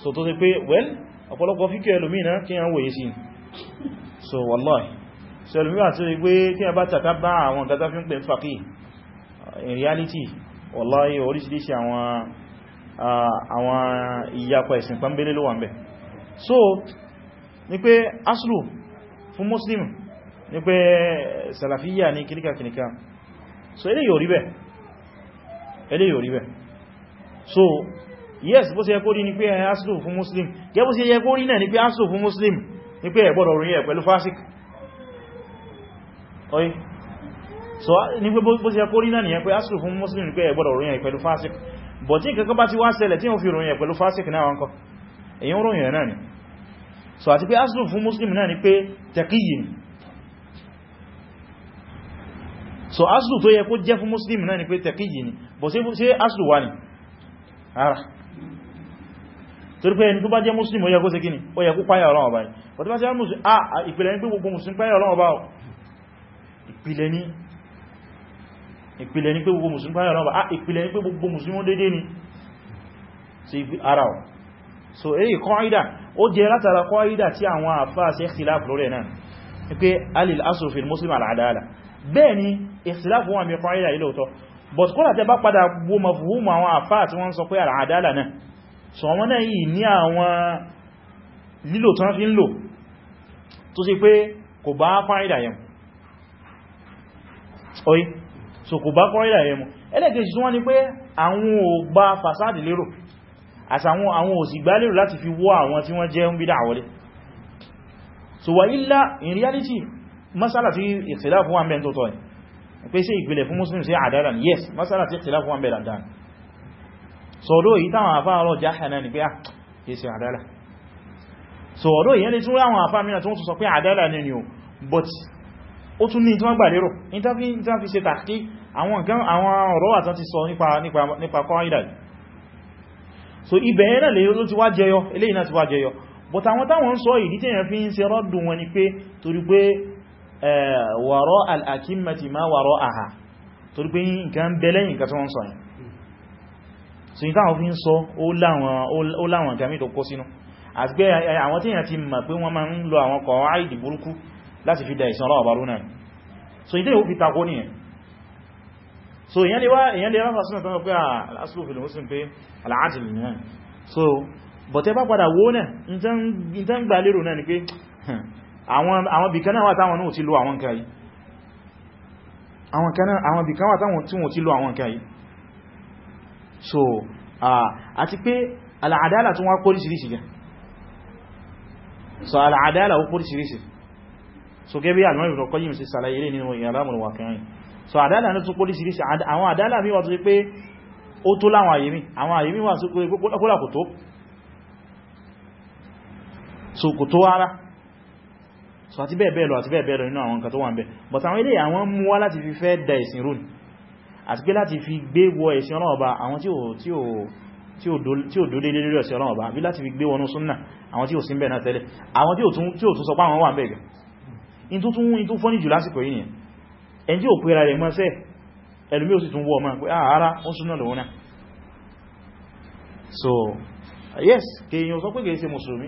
so tó ti pé well ọ̀pọ̀lọpọ̀ fíkẹ́ ẹlùmí iná kí yàn wòye sí so wallahi so ẹlùmí wà tí pé tí yàn bá tàkà bá àwọn gata fi ń pè fàkí in reality wallahi oríṣiríṣi àwọn àwọn ìyapa ẹ̀sìn pẹ́mbélé ló wà ń so ni pé aslu fún muslim ni pé salafiyya ni kìníkà kìníkà so eléyìí ò rí bẹ́ẹ̀ ẹlẹ́ yóò rí bẹ̀ so yes bó ṣe yẹ kó rí ní pé ẹ asìlò fún muslim jẹ́ bó ṣe yẹ kó rí náà ní pé asìlò fún muslim ní pé ẹgbọ́dọ̀ rí ẹ pẹ̀lú fásik oye so ní pé bó ṣe yẹ kó rí náà ní pé asìlò fún muslim ní pé ẹgbọ́dọ̀ rí ẹ pẹ̀lú fásik bọ̀ tí kankan bá ti wá ṣẹlẹ̀ tí wọ́n fi ròyìn ẹ pẹ̀lú fásik náà wọn kọ èyí ń ròyìn ẹ̀ náà ni so àti pé asìlò fún muslim náà ní pé tẹ̀kíyìn so aslu tó yẹ kó jẹ́ fún muslim náà ni pé taqiyyi ni bọ̀ ṣe aslu wà ní ara torí pé ẹni tó bá jẹ́ muslim ó yẹ kó ṣe kíni ó yẹ kó páyà Ọlọ́run Ọba bọ̀ tó bá jẹ́ muslim ah, ah ìpìlẹ̀ ní pé gbogbo muslim páyà Ọlọ́run Ọba ìpìlẹ̀ ní ìpìlẹ̀ ní pé gbogbo muslim páyà Ọlọ́run Ọba ah ìpìlẹ̀ ní pé gbogbo muslim ó dédé ni sí ara ọ̀ so èyí kọ́ídà ó jẹ látara kọ́ídà tí àwọn àfáà ṣe khilaf lórí náà pé alìl asòfin muslim al'adala bẹ́ẹ̀ ni ìsìláàfù wọn mi kọ́ríyà ilé òtọ́ but kọ́lá tẹ bá padà wo mafúhùmù àwọn àfáà tí wọ́n sọ pé àdáàlà náà so wọ́n náà yìí ní àwọn lílò tán fi ń lò tó sì pé kò bá kọ́ríyà yẹn oyi so kò bá kọ́ríyà yẹn mu ẹlẹ́gẹ̀ẹ́sì tí wọ́n ni pé àwọn ò gba fasádì lérò àtàwọn àwọn ò sì gbá so wa illa in reality masala tí ìtìláfù wọn bẹ̀ tó tọ́ ẹ̀ pé sí ìpìlẹ̀ fún muslim sí àdára ni yes masala tí ìtìláfù wọn bẹ̀ dáadáa so ọdọ́ yìí táwọn àfá ọlọ́ jáhẹ̀nà ni pé à ah, kìí sí àdára so ọdọ́ yìí ẹni tún ráwọn àfá mìíràn tó tún sọ pé àdára ni o but ó tún ní tí wọ́n gbà lérò ìtàfi ṣe tàkí àwọn ọ̀rọ̀ àtàn ti sọ nípa kọ́ìdà yìí so ibẹ̀ yẹn náà lè ló ti wá jẹyọ eléyìí náà ti wá jẹyọ but àwọn táwọn ń sọ ìdí tí èèyàn fi ń ṣe rọ́dùn wọn ni pé torí pé Eh, wàrọ́ al'akímmati ma wàrọ́ àhà torí pé nǹkan bẹ̀lẹ̀ nǹkan tó wọ́n sọ yìí so yìí táwọn fi ń sọ ó láwọn gami tó kó sínú àti pé àwọn tí yàn ti mọ̀ pé wọ́n máa ń lo àwọn kọ̀ọ̀ àìdì burúkú láti fi da ìsan ọlọ́ ọ̀bàrú náà so yìí ó fi takó nìyẹn so èyàn lè wá fásúnà tó pé alásùlù fi àwọn bìkan náà wà táwọn náà ti lo àwọn nǹkan yìí àwọn bìkan wà táwọn tí wọ́n ti lo àwọn nǹkan so àti pé al'adala tún wá kóríṣìíríṣìí gẹn so al'adala ó kóríṣìíríṣìí so gẹ́bí àwọn ìrọ̀kọ́ yìí sí sàlàyé rẹ̀ nínú ìyàlámùn wàkìrín so àdálà ní tún kóríṣìíríṣìí àwọn àdálà mi wà tó pé ó tó láwọn àyèmí àwọn àyèmí wà tó pé kólà kò tó so kò tó ara so àti bẹ́ẹ̀ bẹ́ẹ̀ lọ àti bẹ́ẹ̀ bẹ́ẹ̀ lọ nínú àwọn nǹkan tó wà ń bẹ but àwọn eléyìí àwọn mú wá láti fi fẹ́ da ẹ̀sìn rú àti pé láti fi gbé wọ ẹ̀sìn Ọlọ́run Ọba àwọn tí ò dólé lórí ẹ̀sìn Ọlọ́run Ọba àbí láti fi gbé wọnú súnnà àwọn tí ò sí ń bẹ náà tẹ́lẹ̀ àwọn tí ò tún sọ pé àwọn wà ń bẹ gẹ̀ in tó tún in tó fọ́nì jù lásìkò yìí nìyẹn ẹn tí ò pé ara rẹ̀ mọ́ sẹ́ ẹlùmí ò sì tún wọ́ ọmọ pé ah, ara ó súnnà lòun náà so yes kèèyàn sọ pé kèèyàn ṣe mùsùlùmí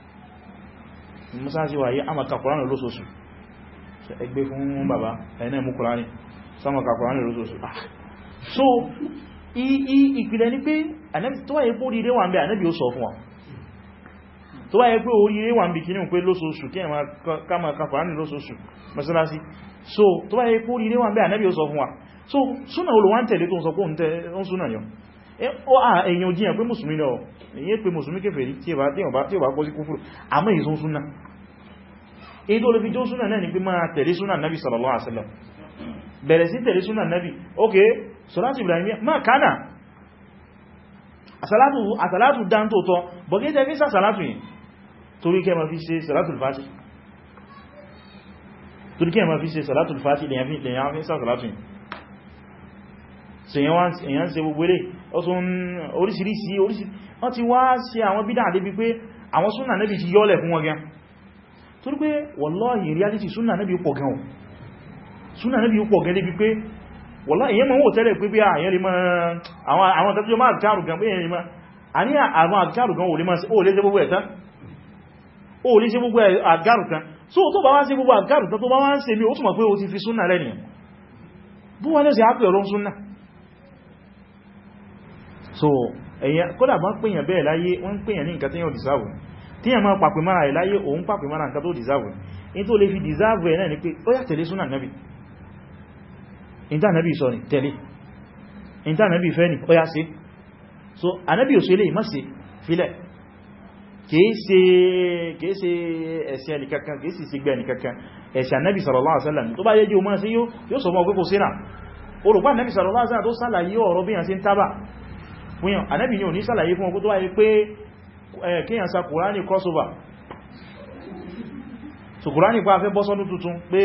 musa sí wáyé a maka kùránì lóṣooṣù ẹgbẹ́ fún bàbá ẹ̀nà mú kùránì sámaka kùránì lóṣooṣù ah. so ìpìlẹ̀ ní pé tó wáyé pé oríire wà ń bẹ ànábì ó sọ fún wa tó wáyé pé oríire wà ń bí kìíní pé lóṣooṣù kí ẹ̀mà ká kùránì lóṣooṣù mọ́sálásí so tó wáyé pé oríire wà ń bẹ ànábì ó sọ fún wa so súnà olùwántẹ̀lé tó ń sọ pé ó ń súnà yọ ó à èyàn ò jíyàn pé mùsùlùmí lọ èyàn pé mùsùlùmí kèfèrí tí ó bá kọ́ sí kúfúrù àmọ́ èyí sún súnà èyí tó lè súnà náà ni pé máa tẹ̀lé súnà nábi sallallahu alaihi wasallam bẹ̀rẹ̀ sí tẹ̀lé súnà nábi ok sọ́látù ibrahimiyya máa kánà àsàlátù dán tó tọ́ bọ̀gẹ́jẹ́ fi sàsàlátù yìí torí kẹ́ ma fi ṣe sàlátù fásì torí kẹ́ ma fi ṣe sàlátù fásì lèyàn fi sàsàlátù ọ̀tún orísìírísìí orísìírísìí wọ́n ti wá sí àwọn bídá débi pé àwọn súnà nẹ́bí ti yọ́lẹ̀ fún wọn gan torí pé wallahi reality súnà nẹ́bí pọ̀ gan súnà nẹ́bí pọ̀ gan débi pé wallahi èyẹ mọ́ wò tẹ́lẹ̀ pé bí àyẹ́ lè mọ́ àwọn tẹ́tí máa járù gan pé èyẹ lè mọ́ àní àwọn àjárù gan ò lè ṣe gbogbo so èyàn kódà bá ń pèyàn bẹ́ẹ̀ láyé wọ́n ń pèyàn ní nǹkan tí yàn dìsáàbù tí yàn máa pàpè mara ẹ̀ láyé òun pàpè mara nǹkan tó dìsáàbù in tó lè fi dìsáàbù ẹ̀ náà ni pé ó yà tẹ̀lé súnà nábì ìta nábì sọ ni tẹ̀lé ìta nabi fẹ́ ni ó yà sí so anábì ò sí ilé ìmọ̀ sí filẹ̀ kìí ṣe ẹ̀sẹ̀ ẹnìkankan kìí sì sígbẹ̀ ẹnìkankan ẹ̀sẹ̀ anábì sallallahu alaihi wasallam tó bá yẹ́ jẹ́ o máa sí yóò sọ mọ́ pé kò sí náà olùgbà anábì sallallahu alaihi wasallam tó sálàyé ọ̀rọ̀ bí yàn sí ń tábà fún yàn anẹ́bì ní òní sàlàyé fún ọkú wáyé pé kíyàn sa kùránì crossover so kùránì pa fẹ́ bọ́sọ́dún tuntun pé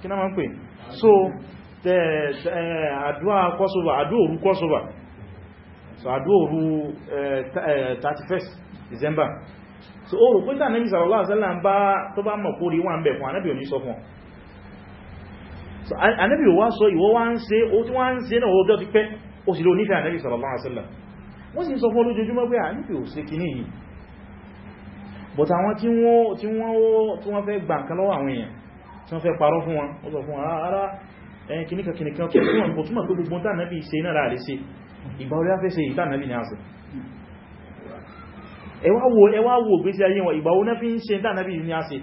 kí náà máa ń pè so àdúwà crossover àdúòrú crossover so àdúòrú 31st December so oòrùn pínta nẹ́bì sàrọ̀lá àzẹ́là ń bá tó bá mọ̀ kórí wà ń bẹ̀ fún anẹ́bì òní sọ fún anábì wa so iwo wa ń ṣe ó tí wá ń ṣe náà ọjọ́ ti pe o si lo nife anábì sallallahu alaihi wasallam wọ́n si sọ fún olójoojúmọ́ pé anábì ò se kìíní yìí but àwọn tí wọ́n fẹ́ gbà nǹkan lọ́wọ́ àwọn èèyàn tí wọ́n fẹ́ parọ́ fún wọn ó sọ fún ah, ara ẹ̀yìn kìníkà kìníkà tó fún wọn kò túnmọ̀ pé gbogbo tánàbí ṣe náà láàrin sí wo gbésí ayé wọn ní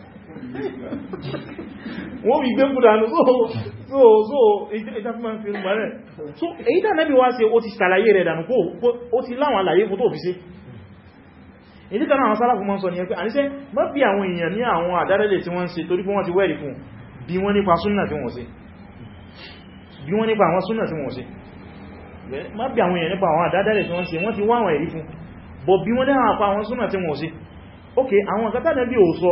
wọ́n bí gbé kúránù so so ìjáfíma fi ń gbẹ̀rẹ̀ so èyí tàà nẹ́bí wá sí o ti sàlàyé rẹ̀ dànù kó o ti láwọn àlàyé fún tó fi sí èyí tàà àwọn sálàfún mọ́ sọ ní ẹgbẹ́ àníṣẹ́ mọ́ bí àwọn èèyàn ní àwọn àdádẹ́lẹ̀ tí wọ́n ń ṣe torí pé wọ́n ti wẹ́rì fún bí wọ́n nípa súnnà tí wọ́n ṣe bí wọ́n nípa àwọn súnnà tí wọ́n ṣe má bí àwọn èèyàn nípa àwọn àdádálẹ̀ tí wọ́n ṣe wọ́n ti wá àwọn ẹ̀rí fún bọ̀ bí wọ́n dáhà pa àwọn súnnà tí wọ́n ṣe ok àwọn ọ̀kátà nẹ́bí ò sọ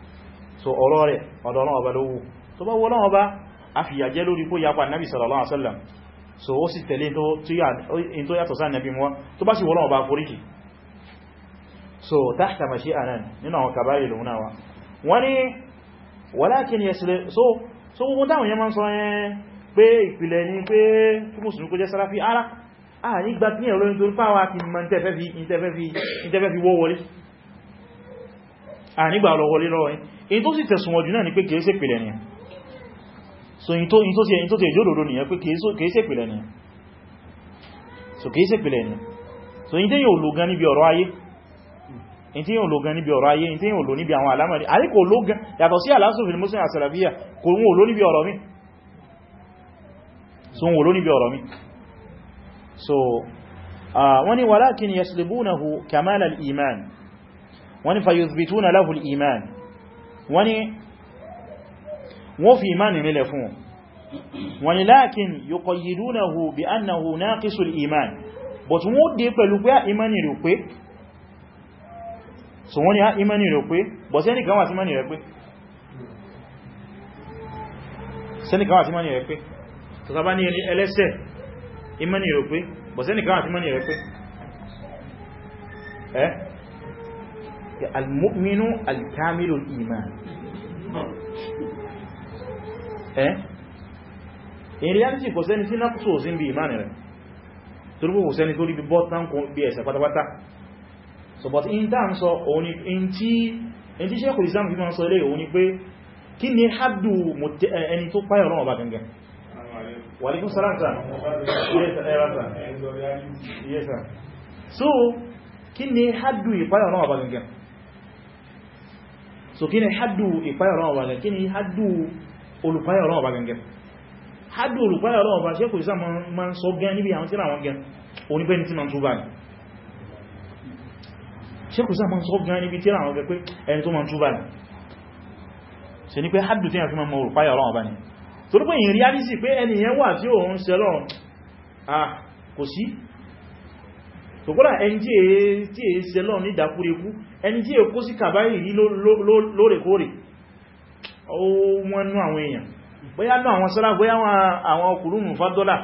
so ọ̀rọ̀ rẹ̀ ọ̀dọ̀ Ọlọ́run Ọba lówó tó bá wọ́n Ọlọ́run Ọba a fi yàjẹ́ lórí kó yapa nabi sallallahu alaihi so ó sì tẹ̀lé in tó yàtọ̀ sáà nabi wọn tó bá sì wọ́n Ọlọ́run Ọba foríkì so tahta mashi'ana nínú àwọn kàbáyé lòun náà wọ́n ni walakin yasle so so gbogbo dáwọn yẹn ma ń sọ yẹn pé ìpìlẹ̀ ni pé kí mùsùlùmí kó jẹ́ sáráfí ara a ní gbà tí ẹ̀rọ nítorí fáwà ti lọ wọlé lọ́wọ́ èyí tó sì tẹ̀sùnwọ̀n jù náà ni pé kìí ṣe pìlẹ̀ nìyàn so èyí tó sì ìjòdòdó nìyàn pé kìí ṣe pìlẹ̀ nìyàn so kìí ṣe pìlẹ̀ nìyàn so èyí tí yíò lò gan níbi ọ̀rọ̀ ayé èyí tí yíò lò gan níbi ọ̀rọ̀ ayé èyí tí yíò lò níbi àwọn alámọ̀rí àrí kò lò gan yàtọ̀ so ń wò so wọ́n ni walakin yaslibunahu kamal al-iman wọ́n wọ́n ni wọ́n fi imani nílẹ̀ fún wọ́n ni lakin yuqayyidunahu bi annahu naqisul imani but wọ́n dé pẹ̀lú pé imani rẹ̀ pé so wọ́n ni ha imani rẹ̀ pé but ẹni kan wà sí imani rẹ̀ pé sẹ́ni kan wà sí imani rẹ̀ pé tọ́tàbá ní ẹlẹ́sẹ̀ imani rẹ̀ pé but ẹni kan wà sí imani rẹ̀ pé eh almúmínú alkamilu iman eh in reality kò sẹ́ni tí náà sọ sí bí iman rẹ̀ torí kò sẹ́ni tó rí bí bọ́tán kò bí ẹ̀sẹ̀ pátápátá so but in terms sọ òun in tí sẹ́kù islam fi máa sọ ilé òun ni pé kí ni haddu eh, ẹni tó páyọ̀ rán ọba gangan wàlíkún sáráta yes sir so kí ni haddu ìpáyọ̀ rán ọba gangan so kí ni hadu ìpáyọ̀rọ̀ ọba gẹ̀ẹ́ kí ni hadu olùpáyọ̀rọ̀ ọba gẹ̀ẹ́ hadu olùpáyọ̀rọ̀ ọba ṣe kò ìsá ma ń sọ gẹ́ níbi àwọn tíra wọn gẹ́ oníbẹ́ni tí ma ń túbà ní ṣe kò ìsá ma ń sọ gẹ́ níbi tíra wọn gẹ́ pé ẹni tó ma ń túbà ní ṣe ni pé hadu tí a fi ma mọ olùpáyọ̀rọ̀ ọba ni torípé in reality pé ẹni yẹn wà tí òun ṣẹlọ́ ah kò sí sòkólà ẹnjí tí è ṣe lọ ní ìdákúrekú ẹnjí èkó sí kàbáyì rí lóòrèkóòrè ó wọ́n nú àwọn èèyàn bóyá ní àwọn sọ́lá bóyá àwọn ọkùnrin mú fádọ́là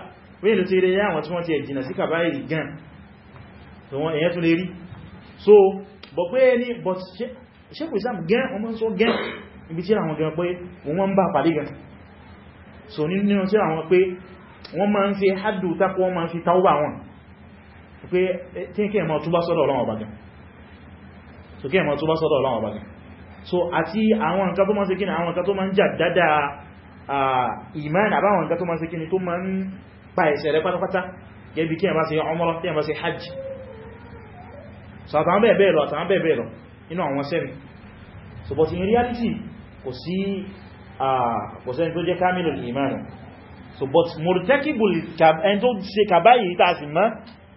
wé ìlú tí rẹ̀ àwọn tí wọ́n ti ẹ̀jìnà sí kàbáyì rí gan tó wọ́n èyàn tó lè rí so bọ̀ pé ní but ṣekù islam gan wọ́n mọ́ sọ gan ibi tí àwọn gan pé wọ́n bá pàdé gan so nínú tí àwọn pé wọ́n máa ń fi hádù tápọ̀ wọ́n máa ń fi taubà wọn pé tí eh, kí ẹmọ túbá sọ́dọ̀ ọlọ́wọ̀ bá so kí ẹmọ túbá sọ́dọ̀ ọlọ́wọ̀ bá gan so àti àwọn nǹkan tó máa ń ṣe kíni àwọn nǹkan tó máa ń jà dáadáa ìmán àbáwọn nǹkan tó máa ń ṣe kíni tó máa ń pa ẹ̀ṣẹ̀ pátápátá gẹ́bí kí ẹmọ sí ọmọrọ tí ẹmọ sí hajj so àtàwọn bẹ́ẹ̀ bẹ́ẹ̀ lọ àtàwọn bẹ́ẹ̀ bẹ́ẹ̀ lọ inú àwọn sẹ́mi so but in reality kò sí kò sẹ́ni tó jẹ́ kamilul iman so but murtakibul ẹni tó ṣe kàbáyìí tàà sì mọ́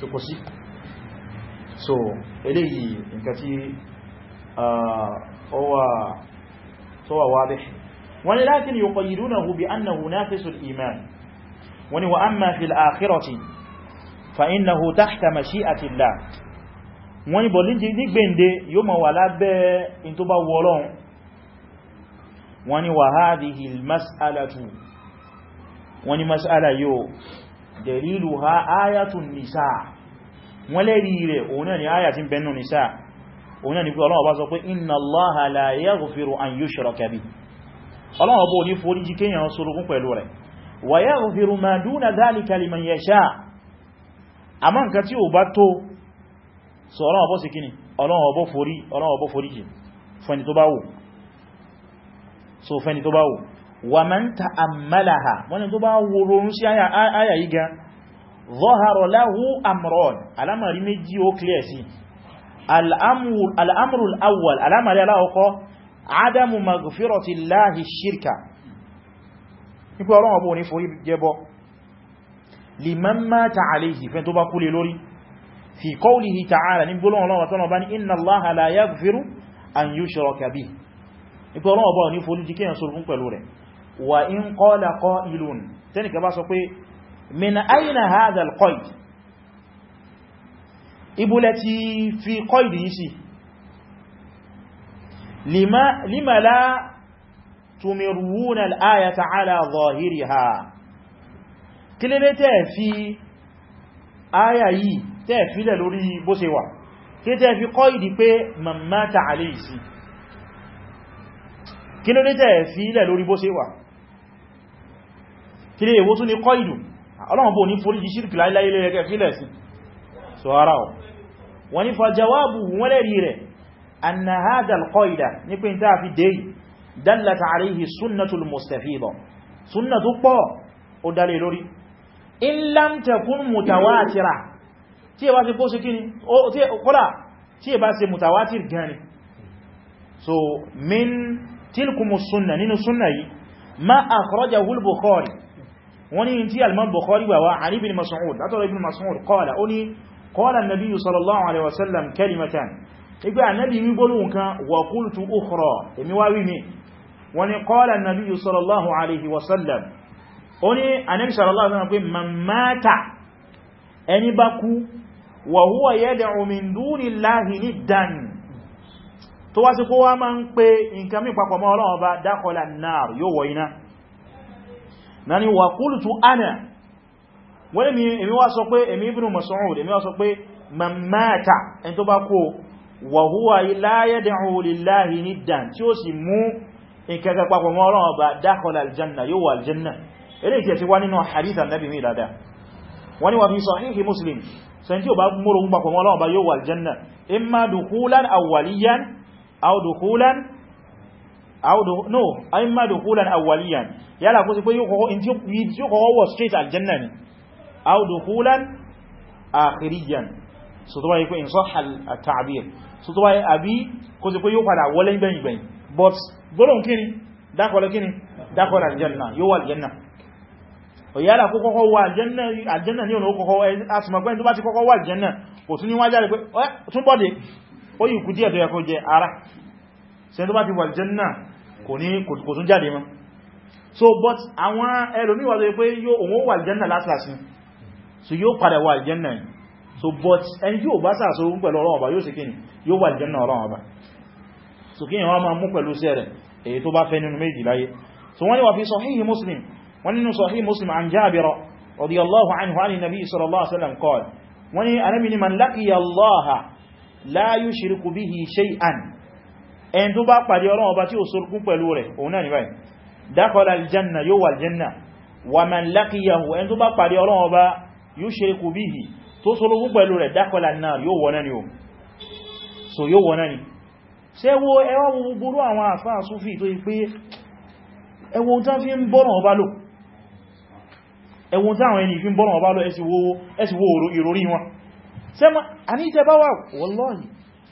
so kò sí so eléyìí nǹkan tí ọwà tọwà wà bẹ́ wani láti ni yuqayyidunahu bi annahu nafisul iman wani wa amma fil akhirati fa innahu tahta mashi'atillah wani bọ̀ nígbèǹde yóò ma wà lábẹ́ in tó bá wọ́lọ́n wani wa hadhihi mas'ala yóò dẹ̀lílù ha ayatun nisaa. wọ́n lẹ́rí rẹ̀ òun ayatun bẹnu nisa òun ni pé Ọlọ́run bá sọ pé inna Allaha la yaghfiru an yushraka bihi Ọlọ́run bó ní foríjì kéèyàn sorogún ma duna so Ọlọ́run fori tó bá wa man ta'ammalaha wani tó bá wòròrún sí àyà yìí gan zọ́harọ̀ láhú amron alamari méjì ó clear sí al'amurul awwal alamari aláwọ̀kọ́ adamu magfiroti láhì shirka nípa ọlọ́wọ́ bó ní forí jẹbọ liman mata alayhi fẹ́ tó bá kúlé lórí fi qawlihi ta'ala ní gbólóhùn ọlọ́wọ́ tọ́nà bá ní inna allaha la yaghfiru an yushraka bihi nípa ọlọ́wọ́ bá ní forí jíkẹ́ yẹn sorokún pẹ̀lú rẹ̀ wa in qala qa'ilun tẹ́nìkà bá sọ pé min aina hadha al-qayd ibùlẹ̀ ti fi qayd yìí sí lima la tumiruna al-ayata ala zahiriha kílélé tẹ́ fi áyà yìí tẹ́ fílẹ̀ lórí bó kí tẹ́ fi kọ́ ìdí pé mamata alayhi sí kílélé tẹ́ fílẹ̀ lórí bó kílé èwo tún ní kọ́ ìdù ọlọ́run bó ní forí jí ṣírkì láìláì lẹ́rẹ̀kẹ́ fílẹ̀ sí so ara ọ̀ wọ́n ní fajawabu wọ́n lẹ́rí rẹ̀ anna hadha alqaida ní pé ta fi dé dallata alayhi sunnatul mustafida sunnatu pọ̀ ó dalé lórí in lam takun mutawatira tí ẹ bá ṣe ma akhrajahu al-bukhari wọ́n ní tí al-Imam Bukhari wà wá an Ibn Mas'ud látọ̀rọ̀ Ibn Mas'ud qala ó ní qala an-Nabiy sallallahu alaihi wasallam kalimatan igbe annabi wí gbólóhùn kan wa qultu ukhra èmi wá wí mi wọ́n ní qala an-Nabiy sallallahu alaihi wasallam ó ní annabi sallallahu alaihi wasallam pé man mata ẹni bá kú wa huwa yad'u min na ni wa qultu ana wọ́n mi èmi wá sọ pé èmi ibn Mas'ud èmi wá sọ pé man mata ẹni tó bá kú wa huwa la yad'u lillahi niddan tí ó sì mú ìkẹta papọ̀ mọ́ Ọlọ́run ọba dakhala aljanna yóò wà aljanna eléyìí tí a àwọ́dọ̀ no aimá dùkúlan awwaliyan yálà kó sí pé yíò kọ́kọ́ wọ̀ straight aljanna ni àwọ́dùkúlan akhiriyan so tó bá yí pé in sahha at-ta'bir so tó bá àbí kó sí pé yíò padà wọlé gbẹ̀yìngbẹ̀yìn but gbọ́lọ̀n kíni dákọ̀lẹ̀ kíni dákọ̀lẹ̀ aljanna yíò wà aljanna o yálà kó kọ́kọ́ wà aljanna ní ọ̀nà kọ́kọ́ asìmọ̀gbẹ́ tó bá ti kọ́kọ́ wà aljanna kò tún ní ṣe tó bá ti wà aljanna kò so but àwọn ẹlòmí wà tó pé yóò òun wà aljanna lásìlásì so yóò padà wà aljanna yìí so but ẹni yóò bá sàásọ ogun pẹ̀lú ọlọ́wọ́ bá yóò sì kíni yóò wà aljanna ọlọ́wọ́ bá so kí wọ́n máa mú pẹ̀lú sí ẹ̀rẹ̀ èyí tó bá fẹ́ nínú méjì láyé so wọ́n ni wà fi sahih muslim wọ́n nínú sahih muslim an jabira radiyallahu anhu an nabi sallallahu alaihi wasallam qala wọ́n ni anabi ni man laqiya allaha la yushriku ẹni tó bá pàdé Ọlọ́run ọba tí ó sorkún pẹ̀lú rẹ̀ òun náà ni báyìí dákọ̀lá aljanna yóò wà aljanna wà man laqiyahu ẹni tó bá pàdé Ọlọ́run ọba yushriku bihi tó sorkún pẹ̀lú rẹ̀ dákọ̀lá náà yóò wọ́n náà ni o so yóò wọ́n náà ni ṣe wo ẹwọ́ gbogbo àwọn àfáà súfì tó yí pé ẹwọ́n tán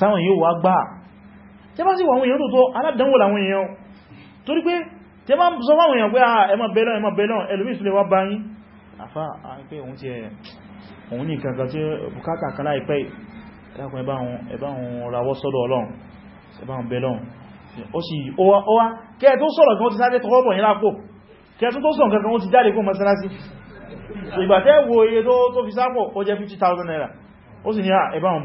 sáwọn yóò wá gbà tẹ́ bá sì wà àwọn èèyàn tó tó aládánwò làwọn èèyàn torí pé tẹ́ bá sọ fáwọn èèyàn pé ah, ẹ má bẹ́lọ́ ẹ má bẹ́lọ́ ẹlòmíì tún lè wá bá yín àfá àìpé òun ti ẹ̀ òun ní ìkankan tí bukata kan láìpẹ́ ẹkùn ẹbá òun rawọ́ sọ́dọ̀ ọlọ́run ẹbá ìgbà tẹ́ wo iye tó fi sápò ó jẹ́ 50,000 naira ó sì ní ah, ẹbá òun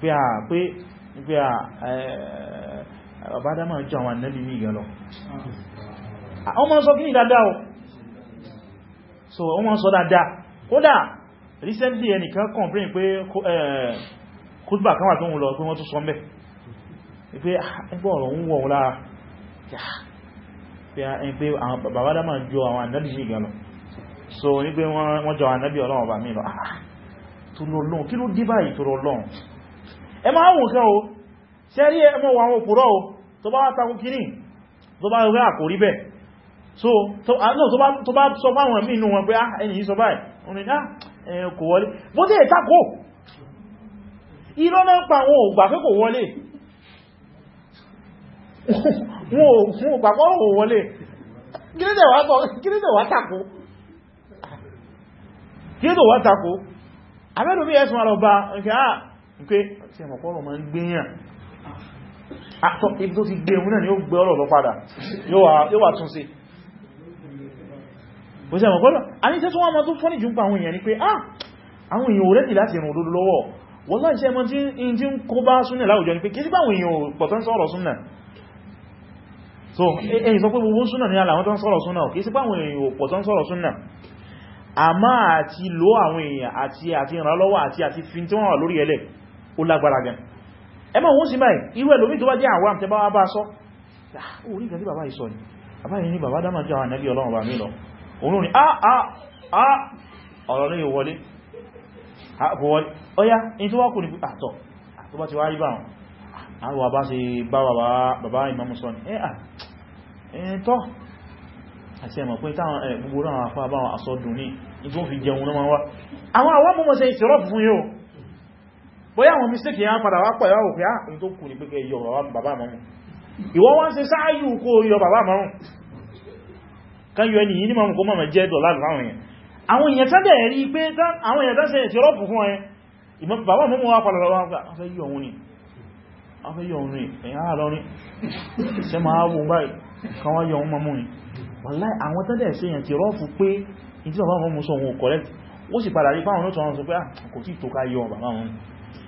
pé a, pé pé a, ọbádámà jọ àwọn annabi ní ìgẹ̀lọ ọmọ sọ kí ní dáadáa o so ọmọ sọ dada. kódà recently ẹnìkan complain pé kútbà kan wà tó ń lọ pé wọ́n tún sọ mẹ́ pé ẹgbọ́ ọ̀rọ̀ ń wọ̀ lára pé bàbádámà jọ àwọn annabi ní ìgẹ̀lọ so ní pé wọ́n jọ annabi ọlọ́run bà mí lọ ah tó lọ ẹ máa wùn kẹ́ o ṣe rí ẹmọ àwọn òpùrọ́ o tó bá takun kìíní tó bá rẹ̀ àkórí bẹ̀ so ah, tó bá sọ fáwọn mínú wọn pé ah, ẹni yìí sọ báyìí orin náà ah, kò wọlé bó dé ìtakò irọ́ náà pa wọn ò gbà pé kò wọlé wọn ò gbà pé kò wọlé kírídẹ̀ wá takò kírídẹ̀ wá takò abẹ́lú bí ẹ̀sùn àrọ̀bà ǹkẹ́ pé ṣe mọ̀kọ́rọ̀ ma ń gbéyàn àtọ́ ah, ibi tó ti gbé ẹ̀hún náà ni ó gbé ọ̀rọ̀ lọ padà yóò wà tún sí bó ṣe mọ̀kọ́rọ̀ a ní tẹ́tún wọn ma tó fọ́nì jù ń pa àwọn èèyàn ni pé ah àwọn èèyàn orẹ́dì láti ìrùn òdòdó lọ́wọ́ wọ́lá iṣẹ́ mọ́ tí in ti ń kó bá súnà láwùjọ ni pé kí so ẹ̀yìn sọ pé gbogbo súnà ní aláwọn tán sọ̀rọ̀ súnà kí sí bá àwọn èèyàn pọ̀ tán sọ̀rọ̀ súnà àmá àti lò àwọn èèyàn àti àti ìrànlọ́wọ́ àti àti fi tí wọ́n wà lórí ẹlẹ́ ó lágbára gan ẹmọ́ òun sì máa irú ẹlòmí tó bá jẹ́ àwọn àmtẹ́bá wá bá sọ orí ah, ìgbà tí bàbá ìsọ ni bàbá yìí ni bàbá dámà jẹ́ àwọn ànẹ́bí ọlọ́run bá mí lọ òun ni àà ah, ah, ọ̀rọ̀ ní ìwọlé ọya in tó wá kò ní àtọ̀ tó bá ti wá rí bá wọn àwọn bá ṣe bá bàbá ìmọ̀mù sọ ni ẹ́ tọ́ àti ẹmọ̀ pé táwọn gbogbo náà àwọn mọ́mọ́ ṣe ìṣẹ́rọ̀ fún yóò bóyá àwọn mistake yẹn padà wá pọ̀ yáwó pé á ah, èyí tó kù ní pé kẹ́ yọ bàbá mọ́mù ìwọ wá ń ṣe sááyù kó yọ bàbá mọ́mù kan yọ ẹni yìí ní mọ́mù kó mọ́mù jẹ́ dọ̀lá àwọn èèyàn àwọn èèyàn tán dẹ̀ rí pé àwọn èèyàn tán sẹ́yẹ̀ tí rọ́pù fún ẹ bàbá mọ́mù wá padà lọ́wọ́ pé afẹ́ yọ òun ni afẹ́ yọ òun ni ẹ̀yà àlọ́rin ṣe máa wò báyìí kan wá yọ òun mọ́mù ni wàláì àwọn tán dẹ̀ sẹ́yẹ̀ tí rọ́pù pé ìdí bàbá mọ́mù sọ òun correct ó sì padà rí fáwọn náà tó wọn sọ pé ah, kò tí tó ká yọ bàbá mọ́mù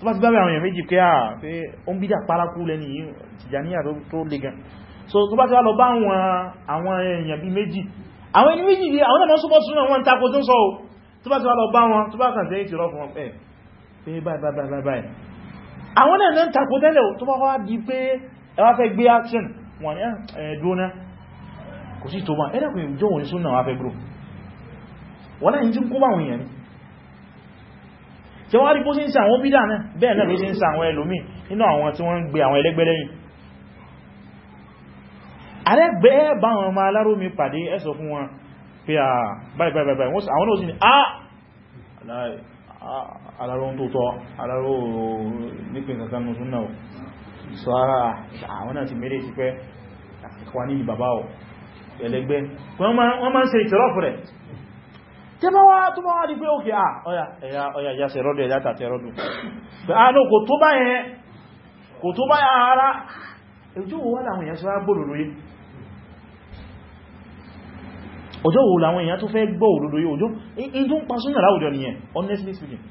tó bá ti bá bẹ̀ àwọn èèyàn méjì pé à ah, pé o ń bídà pálákú lẹ́ni yìí tó le gan so tó bá ti wá lọ bá àwọn èèyàn bí méjì àwọn ẹni méjì bí àwọn ẹ̀mọ́ súnmọ́ súnmọ́ wọn tako tó ń sọ o tó bá ti wá lọ bá wọn tó bá kàn sí ìtìrọ fún ẹ eh, pé báyìí báyìí báyìí àwọn ẹ̀nà action wọn ni ah, ẹ̀dúnná kò sí tó bá ẹ̀dàkùn ìjọ wọn ní súnmọ́ wá fẹ́ gbó wọn ṣe wọ́n rí bó sí ń sa àwọn bídà náà bẹ́ẹ̀ náà ló sí ń sa àwọn ẹlòmí nínú àwọn tí wọ́n ń gbé àwọn ẹlẹ́gbẹ́ lẹ́yìn àrẹ́gbẹ́ bá wọn ma alárómi pàdé ẹ sọ fún wọn pé à báyìí báyìí báyìí àwọn náà sí ni a aláró tó tọ́ aláró nípin kankan nù súnnà ò sọ ara àwọn náà ti mẹ́rẹ̀ sí pé wà ní ìbàbá ò ẹlẹ́gbẹ́ wọ́n máa ń tí bá wá tó bá wá di pé òkè à ah, ọya yáṣẹ rọ́dù ẹ̀yà tàti rọ́dù àánú ah, kò tó bá yẹn kò tó bá yẹn ara ojú wo láwọn èèyàn sọ́rọ̀ gbọ́ òdodo yìí ọjọ́ wo láwọn èèyàn tó fẹ́ gbọ́ òdodo yìí ojú in honestly speaking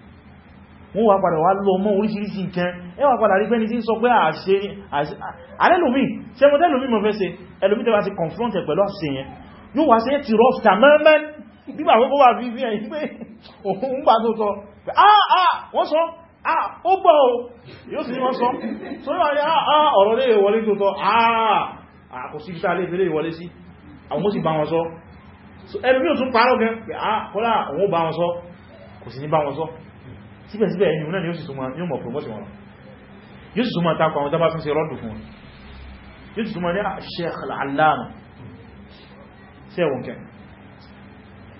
wọ́n wà padà wá lọ mọ́ oríṣiríṣi nǹkan ẹ wà padà rí pẹ́ni tí ń sọ pé àṣẹ alẹ́lòmí ṣẹmọ́tẹ́lòmí mọ̀ fẹ́ ṣe ẹlòmí tẹ́wàá sí confront ẹ̀ bíbà àkókò wà fi fi pé òun gbà tó sọ àà ah, ah, wọ́n sọ àà ah, ó gbọ́ o yóò sì wọ́n sọ tó yíwa ní àà ọ̀rọ̀ lè wọlé tó tọ́ àà kò sí títà lè fẹ́lẹ̀ wọlé sí àwọn sì bá wọn sọ ẹni bí ò tún parọ́ gẹn pé àà kọ́lá òun bá wọn sọ kò sí ní bá wọn sọ sẹ́wọ̀n kẹrin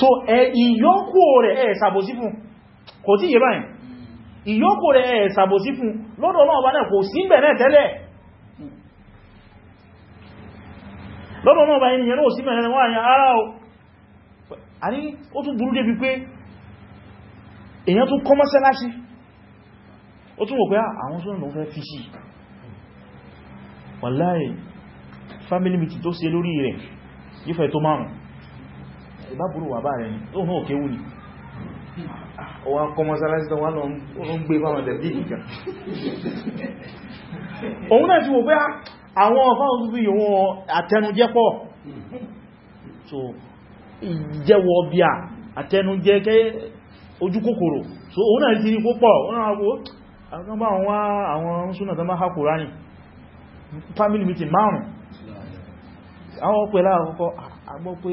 so ìyókù rẹ̀ ẹ̀ sàbòsí fún kò tí yẹ báyìí ìyókù rẹ̀ ẹ̀ sàbòsí fún lọ́dọ̀ náà bá náà kò sí bẹ̀rẹ̀ tẹ́lẹ̀ lọ́dọ̀ náà bá ènìyàn náà sí bẹ̀rẹ̀ wọ́n àyà ara o a ní ó tún burú débi pé èyàn tún kọ́ mọ́sálásí ó tún ah, family meeting tó ṣe lórí ìbábúrò wà bá rẹ̀ ní tó hàn kéwú ni ó wá kọ́ mọ́sálásí tó lọ ń gbé fáwọn tẹ̀bí nìkan òun náà ti wò pé ah, àwọn ọ̀fáwọn tó fi ìwọ̀n àtẹnujẹ́ so ìjẹ́wọ̀ bí a àtẹnujẹ́ kẹ́ ojú kòkòrò so òun náà ti rí púpọ̀ òun náà wò àwọn bá wọn àwọn family meeting márùn-ún àwọn pẹ̀lá àkọ́kọ́ agbọ́ ah, pé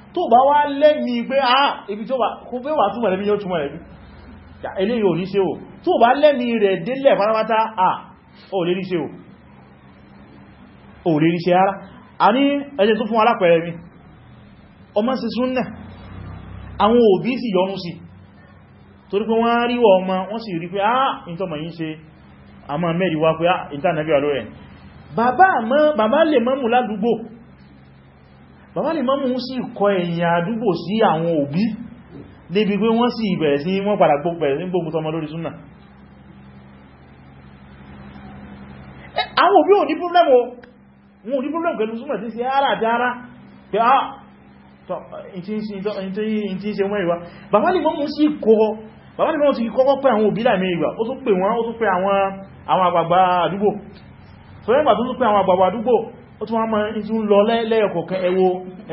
tó bá wá lẹ́mí pé ah ibi tó bá wà túnmọ̀ lẹ́bí yóò túnmọ̀ lẹ́bí eléyìí ò ní ṣe o tó bá lẹ́mí rẹ̀ délẹ̀ faramata a. o lè rí ṣe o o lè rí ṣe ara a ní ẹjẹ́ tó fún alápẹ̀ẹ́rẹ́ mi ọmọ sí súnnà àwọn òbí sì yọnú sí torí pé wọ́n rí ọmọ wọ́n sì rí pé ah ìntọ́mọ̀ yí ṣe àmọ́ mẹ́rin wá pé ah ìntànàbí ọlọ́rẹ̀ bàbá lè mọ́mù ládùúgbò bàbá lè mọ́mù sí kọ ẹ̀yìn àdúgbò sí àwọn òbí débi pé wọ́n sì bẹ̀rẹ̀ sí wọ́n padà gbógun tọmọ lórí súnà àwọn òbí ò ní púrọ́lẹ́mù wọn ò ní púrọ́lẹ́mù pẹ̀lú súnmọ̀ tí ṣe ara àti ara pé á ah, tí ṣe wọ́n ìwá bàbá lè mọ́mù sí kọ́kọ́ bàbá lè mọ́mù sí kọ́kọ́ pé àwọn òbí láàmì ìgbà ó tún pè wọ́n ó tún pé àwọn àgbàgbà ó tún wá máa ń tún lọ lẹ́yọ̀kọ̀ọ̀kan ẹwọ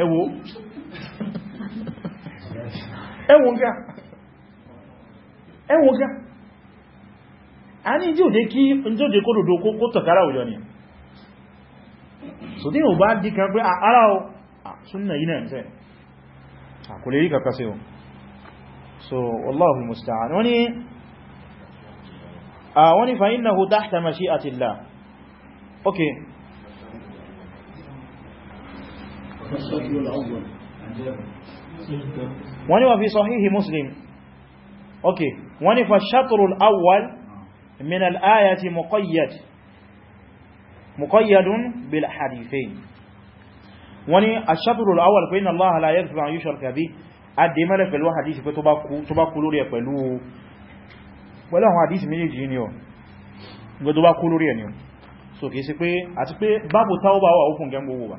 ẹwọ ẹwọ gá ẹwọ gá a ní jí òde kí jí òde kó dòdó kó tọ̀kára òjò ni so tí yíò bá dí kan pé ara o súnnà yí náà tẹ́ kò lè rí kàkà sí o so Allahu musta'an wani wani fa innahu tahta mashi'atillah okay wọ́n ni wọ́n fi sahihi muslim ok wọ́n ni fashatrul awwal min al'ayati muqayyad muqayyadun bil hadithain wọ́n ni ashatrul awwal pé inna allaha la yaghfiru an yushraka bihi adémẹ́lẹ̀ pẹ̀lú hadith pé tó bá kú lórí ẹ̀ pẹ̀lú pẹ̀lú àwọn hadith méjèèjì ni ọ gbogbo bá kú lórí ẹ̀ ni so kìí sí pé àti pé báàbù tawba wà ó fún gẹ́gbogbo wà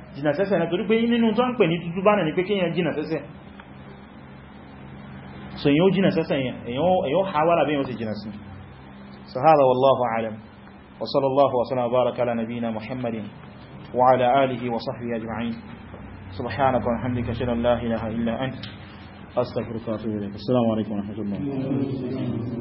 jìnà sẹ́sẹ̀ rẹ̀ torí pé nínú tó ń pè ní tútù bánà ní pé kíyàn jìnà sẹ́sẹ̀ so èyàn ó jìnà sẹ́sẹ̀ èyàn ó hawara bí yàn ó sì jìnà sí sahara wallahu alam wa sallallahu wa sallam baraka ala nabina muhammadin wa ala alihi wa sahbihi ajma'in subhanaka wa hamdika shalla la ilaha illa ant astaghfiruka wa atubu ilayk assalamu alaikum wa rahmatullahi